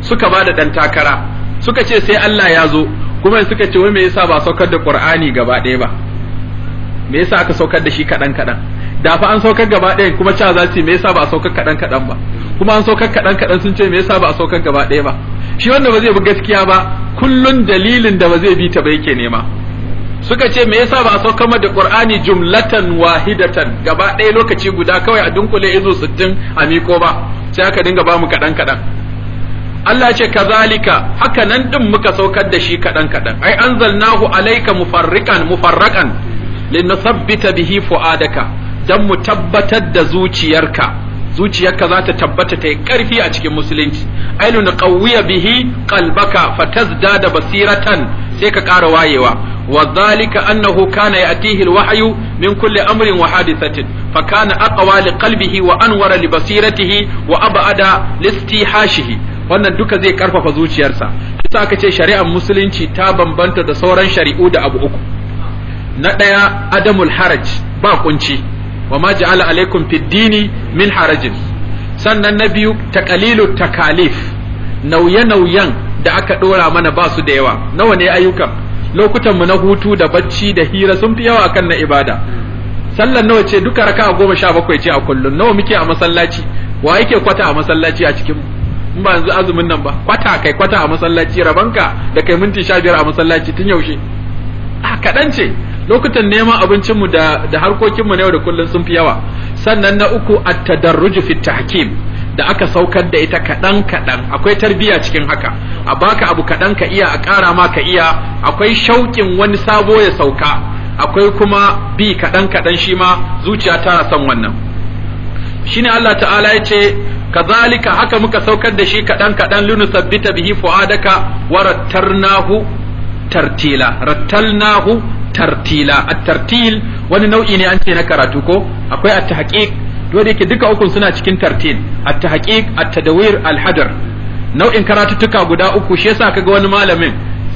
A: suka ba da dan takara suka ce sai Allah ya zo kuma suka ce wai me yasa ba saukar da qur'ani gaba ɗaya ba me yasa aka saukar da shi kaɗan kaɗan da fa an saukar gaba ɗaya kuma cewa za su me yasa ba a saukar kaɗan kaɗan ba kuma an saukar kaɗan kaɗan sun ce me yasa ba a saukar gaba ɗaya ba shi wanda ba zai bi gaskiya ba kullun dalilin da ba zai bi ta ba yake nema suka ce me yasa ba sauka da Qur'ani jumlatan wahidatan gaba ɗaya lokaci guda kawai a dunkule izo 60 a miko ba sai aka dinga ba mu kaɗan kaɗan Allah ce kazalika haka nan din muka saukar da shi kaɗan kaɗan ai anzalnahu alayka mufarriqan mufarraqan linusabbita bihi fuadaka dan mu tabbatar da zuciyarka zuciyarka za ta tabbata ta yi ƙarfi a cikin musulunci ai na bihi ƙalbaka fatazdada basiratan sai ka ƙara wayewa وذلك أنه كان يأتيه الوحي من كل أمر وحادثة فكان أقوى لقلبه وأنور لبصيرته وأبعد لاستيحاشه wannan duka zai karfafa zuciyarsa sa aka ce shari'ar musulunci ta bambanta da sauran shari'u da abu uku na ɗaya adamul haraj ba kunci wa ma ja'ala alaikum fiddini min harajin sannan na biyu takalilu takalif nauye nauyen da aka ɗora mana ba su da yawa nawa ne ayyukan lokutan mu na hutu da bacci da hira sun fi yawa kan na ibada sallan nawa ce duka raka goma sha bakwai ce a kullum nawa muke a masallaci wa yake kwata a masallaci a cikin in ba yanzu azumin nan ba kwata kai kwata a masallaci rabanka da kai minti sha biyar a masallaci tun yaushe a kaɗan ce lokutan neman abincinmu da harkokin harkokinmu na yau da kullum sun fi yawa sannan na uku at-tadarruju fit tahkim da aka saukar da ita kaɗan kaɗan akwai tarbiya cikin haka a baka abu kaɗan ka iya a ƙara ma ka iya akwai shauƙin wani sabo ya sauka akwai kuma bi kaɗan kaɗan shi ma zuciya tana son wannan shine Allah ta'ala ya ce kazalika haka muka saukar da shi kaɗan kaɗan sabbita, bihi fu'adaka wa rattarnahu tartila rattalnahu tartila at-tartil wani nau'i ne an ce na karatu ko akwai at-tahqiq Dole yake duka ukun suna cikin tartil at-tahqiq at-tadawir al-hadar nau'in karatuttuka guda uku shi yasa kaga wani malamin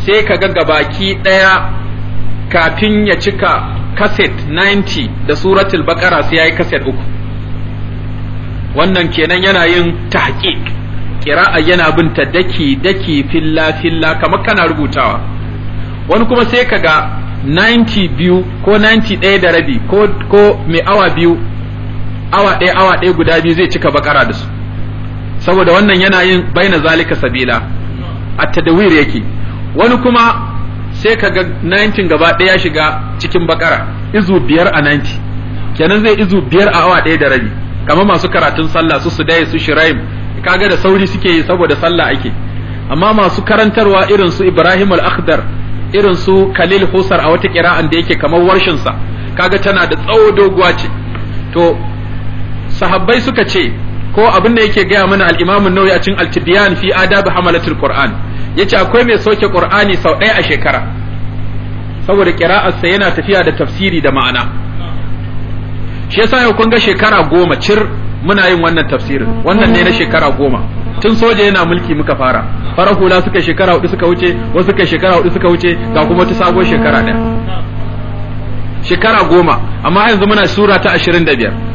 A: sai kaga gabaki daya kafin ya cika kaset 90 da suratul baqara sai yayi kaset uku wannan kenan yana yin tahqiq qira'a yana binta daki daki filla filla kamar kana rubutawa wani kuma sai kaga 90 biyu ko 90 ɗaya da rabi ko mai awa biyu awa ɗaya awa ɗaya guda biyu zai cika bakara da su saboda wannan yana yin baina zalika sabila a tadawir yake wani kuma sai ka ga 90 gaba ɗaya ya shiga cikin bakara izu biyar a 90 kenan zai izu biyar a awa ɗaya da rabi kamar masu karatun sallah su sudai su shiraim kaga da sauri suke yi saboda sallah ake amma masu karantarwa irin su Ibrahim al-Akhdar irin su Khalil Husar a wata kira'an da yake kamar warshinsa kaga tana da tsawo doguwa ce to sahabbai suka ce ko abin da yake gaya mana al-Imam an-Nawawi a cikin al-Tibyan fi adab hamalatul Qur'an yace akwai mai soke Qur'ani sau ɗaya a shekara saboda sa yana tafiya da tafsiri da ma'ana shi yasa yau kun ga shekara goma cir muna yin wannan tafsirin wannan ne na shekara goma tun soja yana mulki muka fara farar hula suka shekara hudu suka wuce wasu suka shekara hudu suka wuce ga kuma wata sabuwar shekara ɗaya shekara goma amma yanzu muna sura ta ashirin da biyar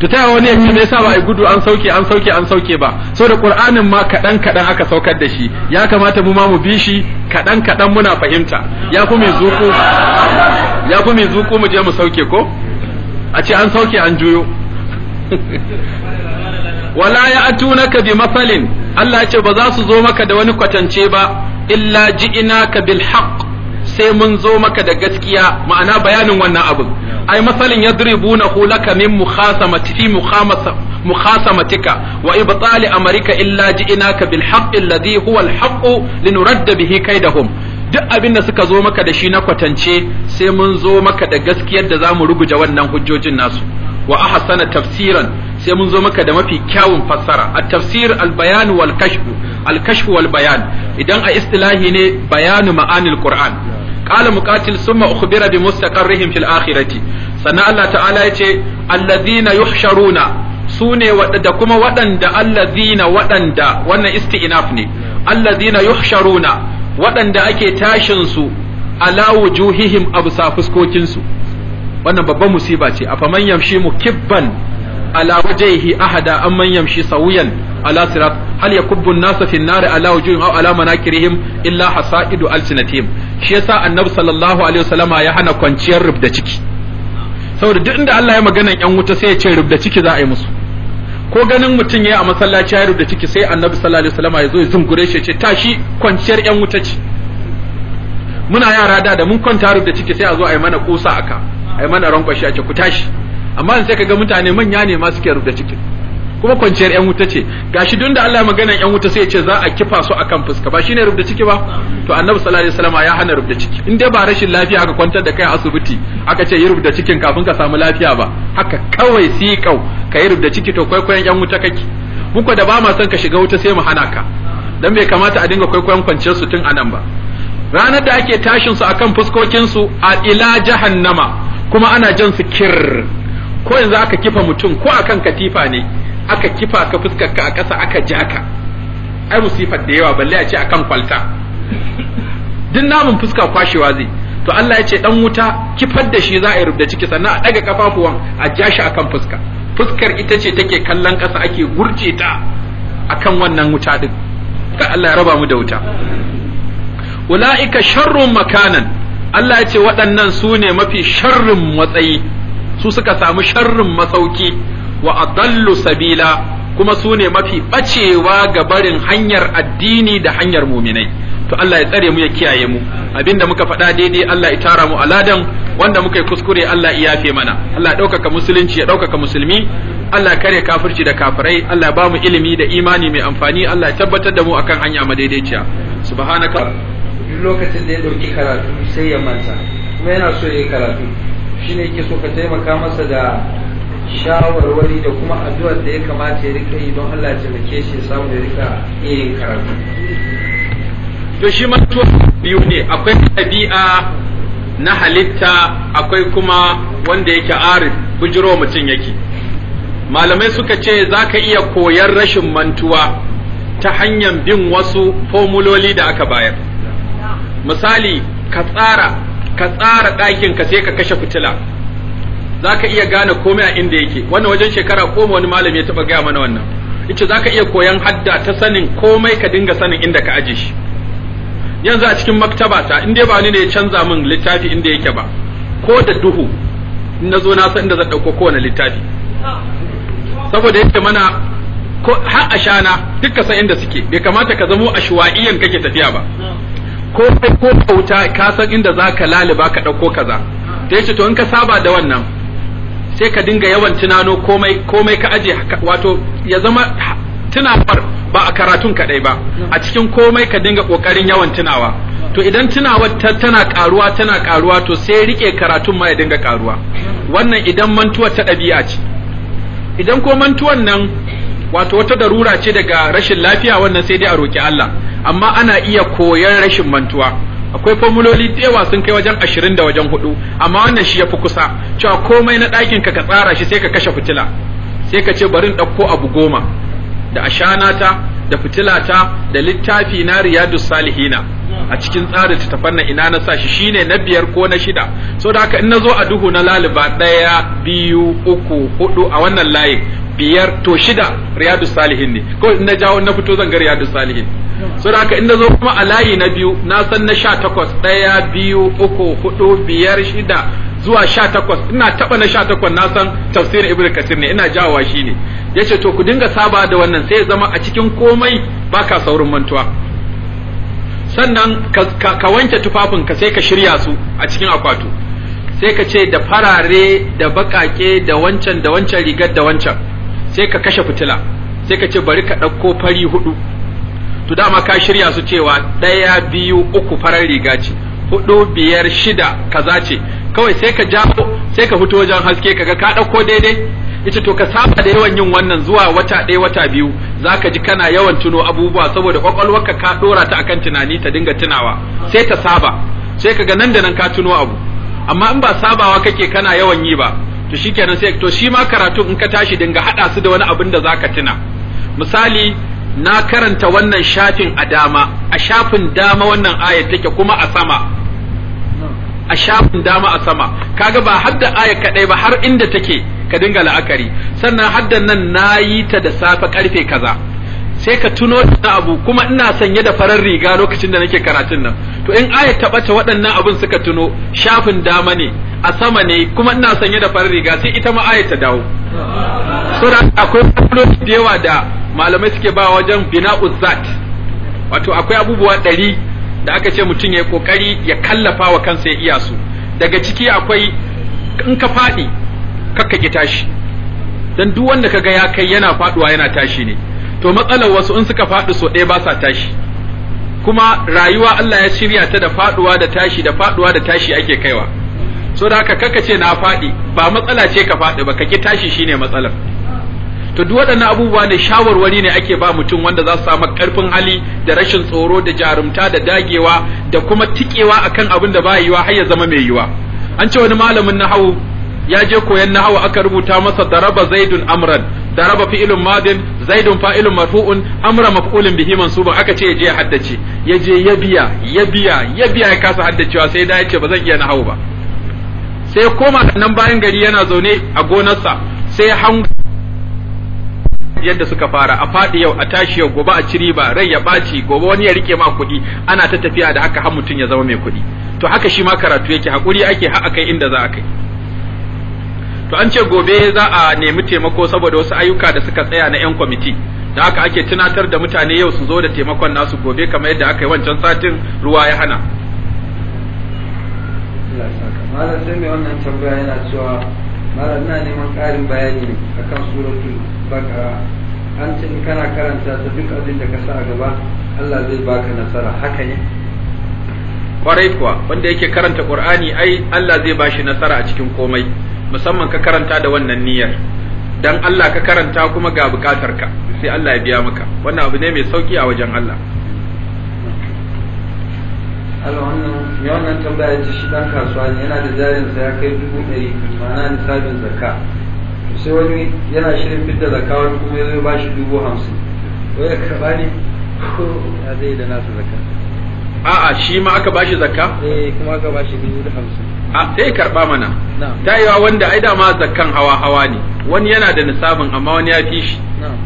A: to ta wani ya ce me yasa ba a gudu an sauke an sauke an sauke ba So da qur'anin ma kadan kadan aka saukar da shi ya kamata mu ma mu bi shi kadan kadan muna fahimta ya fi mai zuku ya ku mai zuku mu je mu sauke ko a ce an sauke an juyo *laughs* wala ya atunaka bi mafalin Allah ya ce ba za su zo maka da wani kwatance ba illa ka bil haqq sai mun zo maka da gaskiya ma'ana bayanin wannan abin ai masalin yadribunahu laka min mukhasamati fi mukhasamatika wa ibtali amarika illa ji'inaka bil haqqi alladhi huwa al haqqu linuradda bihi kaidahum duk abin da suka zo maka da shi na kwatance sai mun zo maka da gaskiyar da zamu ruguje wannan hujjojin nasu wa ahsana tafsiran sai mun zo maka da mafi kyawun fassara at tafsir al bayan wal kashf al kashf wal bayan idan a istilahi ne bayanu ma'anil qur'an qala muqatil summa ukhbira bi mustaqarrihim fil akhirati sannan Allah ta'ala yace allazina yuhsharuna sune wadanda kuma wadanda allazina wadanda wannan isti'naf ne allazina yuhsharuna wadanda ake tashin su ala wujuhihim absa fuskokin su wannan babban musiba ce afaman yamshi mukibban ala wajhihi ahada amman yamshi sawiyan ala sirat hal yakubbu an-nasa fi an-nar ala aw ala manakirihim illa hasaidu al-sinatim shi yasa annabi sallallahu alaihi wasallama ya hana kwanciyar rubda ciki saboda duk inda Allah ya magana yan wuta sai ya ce rubda ciki za a yi musu ko ganin mutum yayi a masallaci ya rubda ciki sai annabi sallallahu alaihi wasallama ya zo ya zungure shi ya ce tashi kwanciyar yan wuta ce muna yara da da mun kwanta rubda ciki sai a zo a yi mana kusa aka a yi mana rankwashi a ce ku tashi amma sai kaga mutane manya ne ma suke rubda ciki. kuma kwanciyar yan wuta ce gashi duk da Allah magana yan wuta sai ya ce za a kifa su akan fuska ba shine rubda ciki ba to annabi sallallahu alaihi wasallam ya hana rubda ciki in dai ba rashin lafiya aka kwantar da kai a asibiti aka ce yi rubda cikin kafin ka samu lafiya ba haka kawai kau ka yi rubda ciki to kwaikwayon yan wuta kake muku da ba ma son ka shiga wuta sai mu hana ka dan bai kamata a dinga kwaikwayon kwanciyar su tun anan ba ranar da ake tashin su akan fuskokin su a ila jahannama kuma ana jan su kir ko yanzu aka kifa mutum ko akan katifa ne aka kifa ka fuskar ka a ƙasa aka ja ka ai musifar da yawa balle a ce akan kwalta duk namun fuska kwashewa zai to Allah ya ce dan wuta kifar da shi za a yi rubda ciki sannan a daga kafafuwan a ja shi akan fuska fuskar ita ce take kallon ƙasa ake gurje ta akan wannan wuta din ka Allah ya raba mu da wuta ulaika sharrun makanan Allah ya ce waɗannan su ne mafi sharrin matsayi su suka samu sharrin masauki wa adallu sabila kuma su ne mafi bacewa ga barin hanyar addini da hanyar muminai to Allah ya tsare mu ya kiyaye mu abinda muka faɗa daidai Allah ya tara mu aladan wanda muka yi kuskure Allah ya yafe mana Allah ya ɗaukaka musulunci ya ɗaukaka musulmi Allah kare kafirci da kafirai Allah ba mu ilimi da imani mai amfani Allah ya tabbatar da mu akan hanya madaidaiciya subhanaka
C: duk lokacin da ya ɗauki karatu sai ya manta kuma yana so ya yi karatu shine yake so ka taimaka masa da shawarwari da kuma addu'ar da ya kamata ya rika yi don Allah ya taimake shi ya samu ya rika
A: yin karatu to shi ma to biyu ne akwai ɗabi'a na halitta akwai kuma wanda yake arif bujiro mutum yake malamai suka ce za ka iya koyar rashin mantuwa ta hanyar bin wasu fomuloli da aka bayar misali ka tsara ka tsara ɗakin ka sai ka kashe fitila za ka iya gane komai a inda yake wannan wajen shekara koma wani malami ya taɓa gaya mana wannan ita za ka iya koyan hadda ta sanin komai ka dinga sanin inda ka aje shi yanzu a cikin maktaba ta in dai ba ni ne ya canza min littafi inda yake ba ko da duhu in na zo na san inda zan ɗauko kowane littafi saboda yake mana ko har ashana duk ka san inda suke bai kamata ka zamo ashwa'iyan kake tafiya ba ko kai ko bauta ka san inda zaka laliba ka dauko kaza da yace to in ka saba da wannan sai ka dinga yawan tunano komai komai ka aje wato ya zama tunawar ba a karatun kadai ba a cikin komai ka dinga kokarin yawan tunawa to idan tunawar tana karuwa tana karuwa to sai rike karatun ma ya dinga karuwa wannan idan mantuwar ta ɗabi'a ce idan ko mantuwan nan wato wata darura ce daga rashin lafiya wannan sai dai a roki Allah amma ana iya koyan rashin mantuwa akwai formuloli da yawa sun kai wajen ashirin da wajen hudu amma wannan shi ya fi kusa cewa komai na ɗakin ka ka tsara shi sai ka kashe fitila sai ka ce bari in ɗauko abu goma da ashanata da fitilata da littafi na riyadu salihina a cikin tsarin ta na ina na sa shi shine na biyar ko na shida saboda haka in na zo a duhu na laliba ɗaya biyu uku hudu a wannan layin biyar to shida riyadu salihin ne ko in na jawo na fito zan ga riyadu salihin saboda haka in zo kuma a layi na biyu na san na sha takwas ɗaya biyu uku hudu biyar shida zuwa sha takwas ina taɓa na sha takwas na san tafsirin ibn kasir ne ina jawowa shi ne ya ce to ku dinga saba da wannan sai ya zama a cikin komai baka saurin mantuwa sannan ka wanke tufafin ka sai ka shirya su a cikin akwatu sai ka ce da farare da baƙaƙe da wancan da wancan rigar da wancan sai ka kashe fitila sai ka ce bari ka ɗauko fari hudu to dama ka shirya su cewa ɗaya biyu uku farar riga ce hudu biyar shida kaza ce kawai sai ka jawo sai ka fito wajen haske kaga ka ɗauko daidai ita to ka saba da yawan yin wannan zuwa wata ɗaya wata biyu za ka ji kana yawan tuno abubuwa saboda kwakwalwarka ka ɗora ta akan tunani ta dinga tunawa sai ta saba sai ka ga nan da nan ka tuno abu amma in ba sabawa kake kana yawan yi ba to shikenan sai to shi ma karatu in ka tashi dinga hada su da wani abin da zaka tuna misali na karanta wannan shafin a dama a shafin dama wannan ayat take kuma a sama a shafin dama a sama kaga ba hadda aya kadai ba har inda take ka dinga la'akari sannan haddan nan nayi ta da safe karfe kaza sai ka tuno da abu kuma ina sanye da farar riga lokacin da nake karatun nan to in aya ta bace waɗannan abun suka tuno shafin dama ne a sama ne kuma ina sanye da farar riga sai ita ma aya ta dawo so da akwai matsaloli da yawa da malamai suke ba wajen bina uzzat wato akwai abubuwa ɗari da aka ce mutum ya yi kokari ya kallafa wa kansa ya iya su daga ciki akwai in ka faɗi kakka tashi dan duk wanda kaga ya kai yana faɗuwa yana tashi ne to matsalar wasu in suka faɗi so ɗaya ba sa tashi kuma rayuwa Allah ya shirya ta da faduwa da tashi da faɗuwa da tashi ake kaiwa so da haka kaka ce na faɗi ba matsala ce ka faɗi ba kake tashi shine matsalar to duk waɗannan abubuwa ne shawarwari ne ake ba mutum wanda za su samu ƙarfin hali da rashin tsoro da jarumta da dagewa da kuma tikewa akan abin da ba yiwa har ya zama mai yiwa an ce wani malamin na nahawu ya je koyan nahawa aka rubuta masa daraba zaidun amran daraba fi'ilun madin zaidun fa'ilun marfu'un amra maf'ulun bihi mansuban aka ce je ya haddace ya je ya biya ya biya ya biya ya kasa haddacewa sai da ya ce ba zan iya nahawu ba sai koma nan bayan gari yana zaune a gonarsa sai hango yadda suka fara a faɗi yau a tashi yau gobe a ciri ba rai ya ɓaci gobe wani ya rike ma kuɗi ana ta tafiya da haka har mutum ya zama mai kuɗi to haka shi ma karatu yake hakuri ake har akai inda za a kai to an ce gobe za a nemi taimako saboda wasu ayyuka da suka tsaya na yan kwamiti da haka ake tunatar da mutane yau su zo da taimakon nasu gobe kamar yadda aka yi wancan satin ruwa ya hana
C: malam sai mai wannan tambaya yana cewa malam ina neman ƙarin bayani akan suratul baqara an ce kana karanta ta duk abin da ka sa a gaba Allah zai baka nasara haka ne
A: kwarai kuwa wanda yake karanta qur'ani ai Allah zai bashi nasara a cikin komai musamman ka karanta da wannan niyyar dan Allah ka karanta kuma ga bukatar ka sai Allah ya biya maka wannan abu ne mai sauki a wajen Allah
C: Allah wannan ya wannan tambaya ce shi dan kasuwa ne yana da jarin sa ya kai dubu ɗari ma'ana nisabin zakka sai wani yana shirin fitar zakka wani kuma ya zo ba shi dubu hamsin ko ya karɓa ne ko ya zai da nasu zakka a'a shi ma aka bashi zakka eh kuma aka bashi dubu hamsin
A: a sai eh, karba mana ta yiwa wanda ai da ma zakkan hawa hawa ne wani yana da nisabin amma wani ya fi shi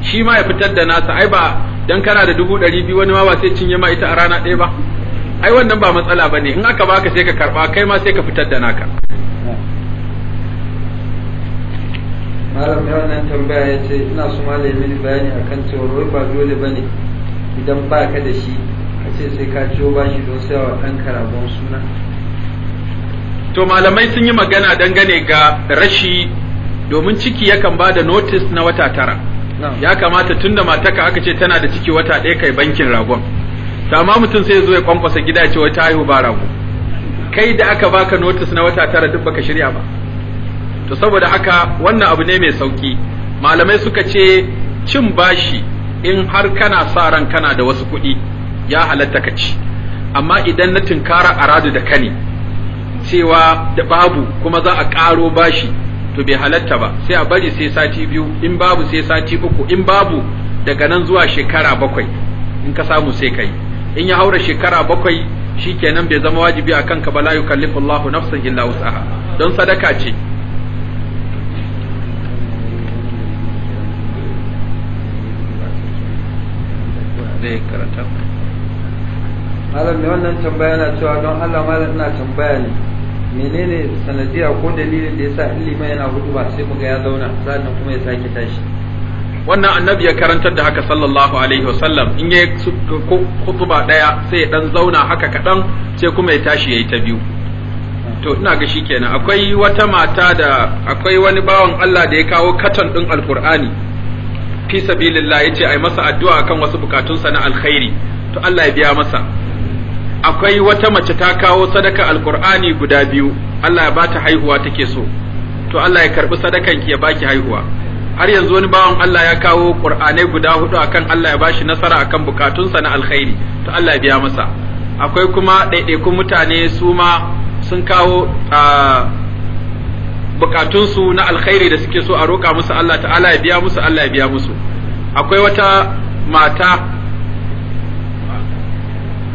A: shi ma ya fitar da nasa ai ba dan kana da dubu ɗari biyu wani ma ba sai cinye ma ita a rana ɗaya ba ai wannan ba matsala ba ne in aka baka sai ka karba kai ma sai ka fitar da naka
C: malam mai wannan tambaya ya ce ina so malam ya bayani bayani akan cewa wai ba dole bane
A: idan baka
C: da shi a ce sai ka ciwo bashi don sai wa ɗan karabon suna
A: to malamai sun yi magana dangane ga rashi domin ciki yakan ba da notice na wata tara ya kamata tunda mataka aka ce tana da ciki wata ɗaya kai bankin ragon ma mutum sai zo ya kwankwasa gida ya ce wata haihu ba rago kai da aka baka notice na wata tara duk baka shirya ba to saboda haka wannan abu ne mai sauki malamai suka ce cin bashi in har kana sa ran kana da wasu kuɗi ya halatta ka ci amma idan na tunkara aradu da kani cewa da babu kuma za a ƙaro bashi to bai halatta ba sai a bari sai sati biyu in babu sai sati uku in babu daga nan zuwa shekara bakwai in ka samu sai kai in ya haura shekara bakwai shikenan bai zama wajibi a kanka ba la yukallifu Allahu nafsan illa wus'aha don sadaka ce
C: malam ne, wannan tambaya na cewa don Allah malam ina tambaya ne menene sanadiya ko dalilin da yasa sa liman yana ba sai mu ya zauna sannan kuma ya sake tashi
A: wannan annabi ya karantar da haka sallallahu alaihi wasallam in ya kutuba daya sai ya dan zauna haka kadan sai kuma ya tashi yayi ta biyu to ina ga shikenan akwai wata mata da akwai wani bawan Allah da ya kawo katon din alqur'ani fi sabilillah yace ai masa addu'a akan wasu bukatunsa na alkhairi to Allah ya biya masa akwai wata mace ta kawo sadaka alkur'ani guda biyu Allah ya bata haihuwa take so to Allah ya karbi sadakan ki ya baki haihuwa har yanzu wani bawan Allah ya kawo qur'anai guda hudu akan Allah ya bashi nasara akan bukatunsa na alkhairi to Allah ya biya masa akwai kuma ɗaiɗaikun mutane su ma sun kawo bukatunsu na alkhairi da suke so a roƙa musu Allah ta'ala ya biya musu Allah ya biya musu akwai wata mata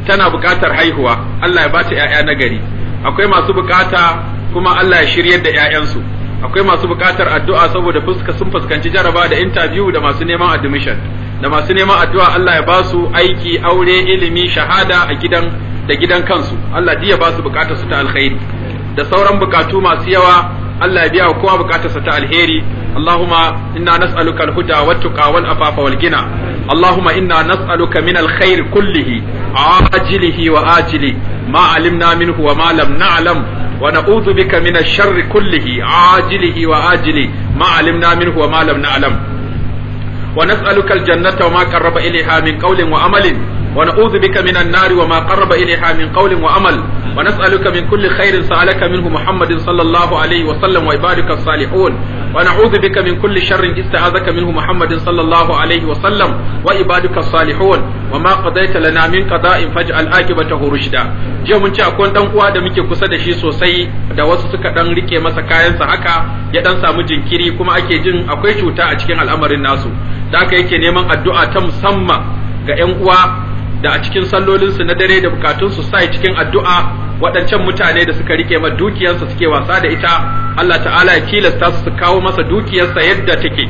A: tana buƙatar haihuwa Allah ya bata 'ya'ya na gari akwai masu buƙata kuma Allah ya shiryar da 'ya'yansu. akwai masu buƙatar addu'a saboda fuska sun fuskanci jaraba da interview da masu neman admission da masu neman addu'a Allah ya basu aiki aure ilimi shahada a gidan da gidan kansu Allah ya su buƙatar su ta alkhairi da sauran buƙatu masu yawa Allah ya biya wa kowa buƙatarsa ta alheri اللهم إنا نسألك الهدى والتقى والأفاف والغنى اللهم إنا نسألك من الخير كله عاجله وآجله ما علمنا منه وما لم نعلم ونعوذ بك من الشر كله عاجله وآجله ما علمنا منه وما لم نعلم ونسألك الجنة وما قرب إليها من قول وعمل ونعوذ بك من النار وما قرب إليها من قول وعمل ونسألك من كل خير سألك منه محمد صلى الله عليه وسلم وعبادك الصالحون ونعوذ بك من كل شر استعاذك منه محمد صلى الله عليه وسلم وعبادك الصالحون وما قضيت لنا من قضاء فاجعل عاقبته رشدا jiya mun ce akwai dan uwa da muke kusa da shi sosai da wasu suka dan rike masa kayansa haka ya dan samu jinkiri kuma ake jin akwai cuta a cikin al'amarin nasu da haka yake neman addu'a ta musamman ga 'yan uwa da a cikin sallolinsu na dare da bukatunsu sai cikin addu'a waɗancan mutane da suka rike ma dukiyarsa suke wasa da ita Allah ta'ala ya tilasta su su kawo masa dukiyarsa yadda take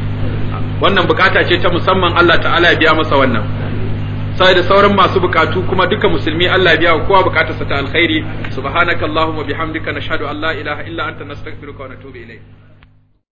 A: wannan bukata ce ta musamman Allah ta'ala ya biya masa wannan sai da sauran masu bukatu kuma duka musulmi Allah ya biya wa kowa bukatarsa ta alkhairi subhanakallahumma bihamdika nashhadu an la ilaha illa anta nastaghfiruka wa natubu ilayk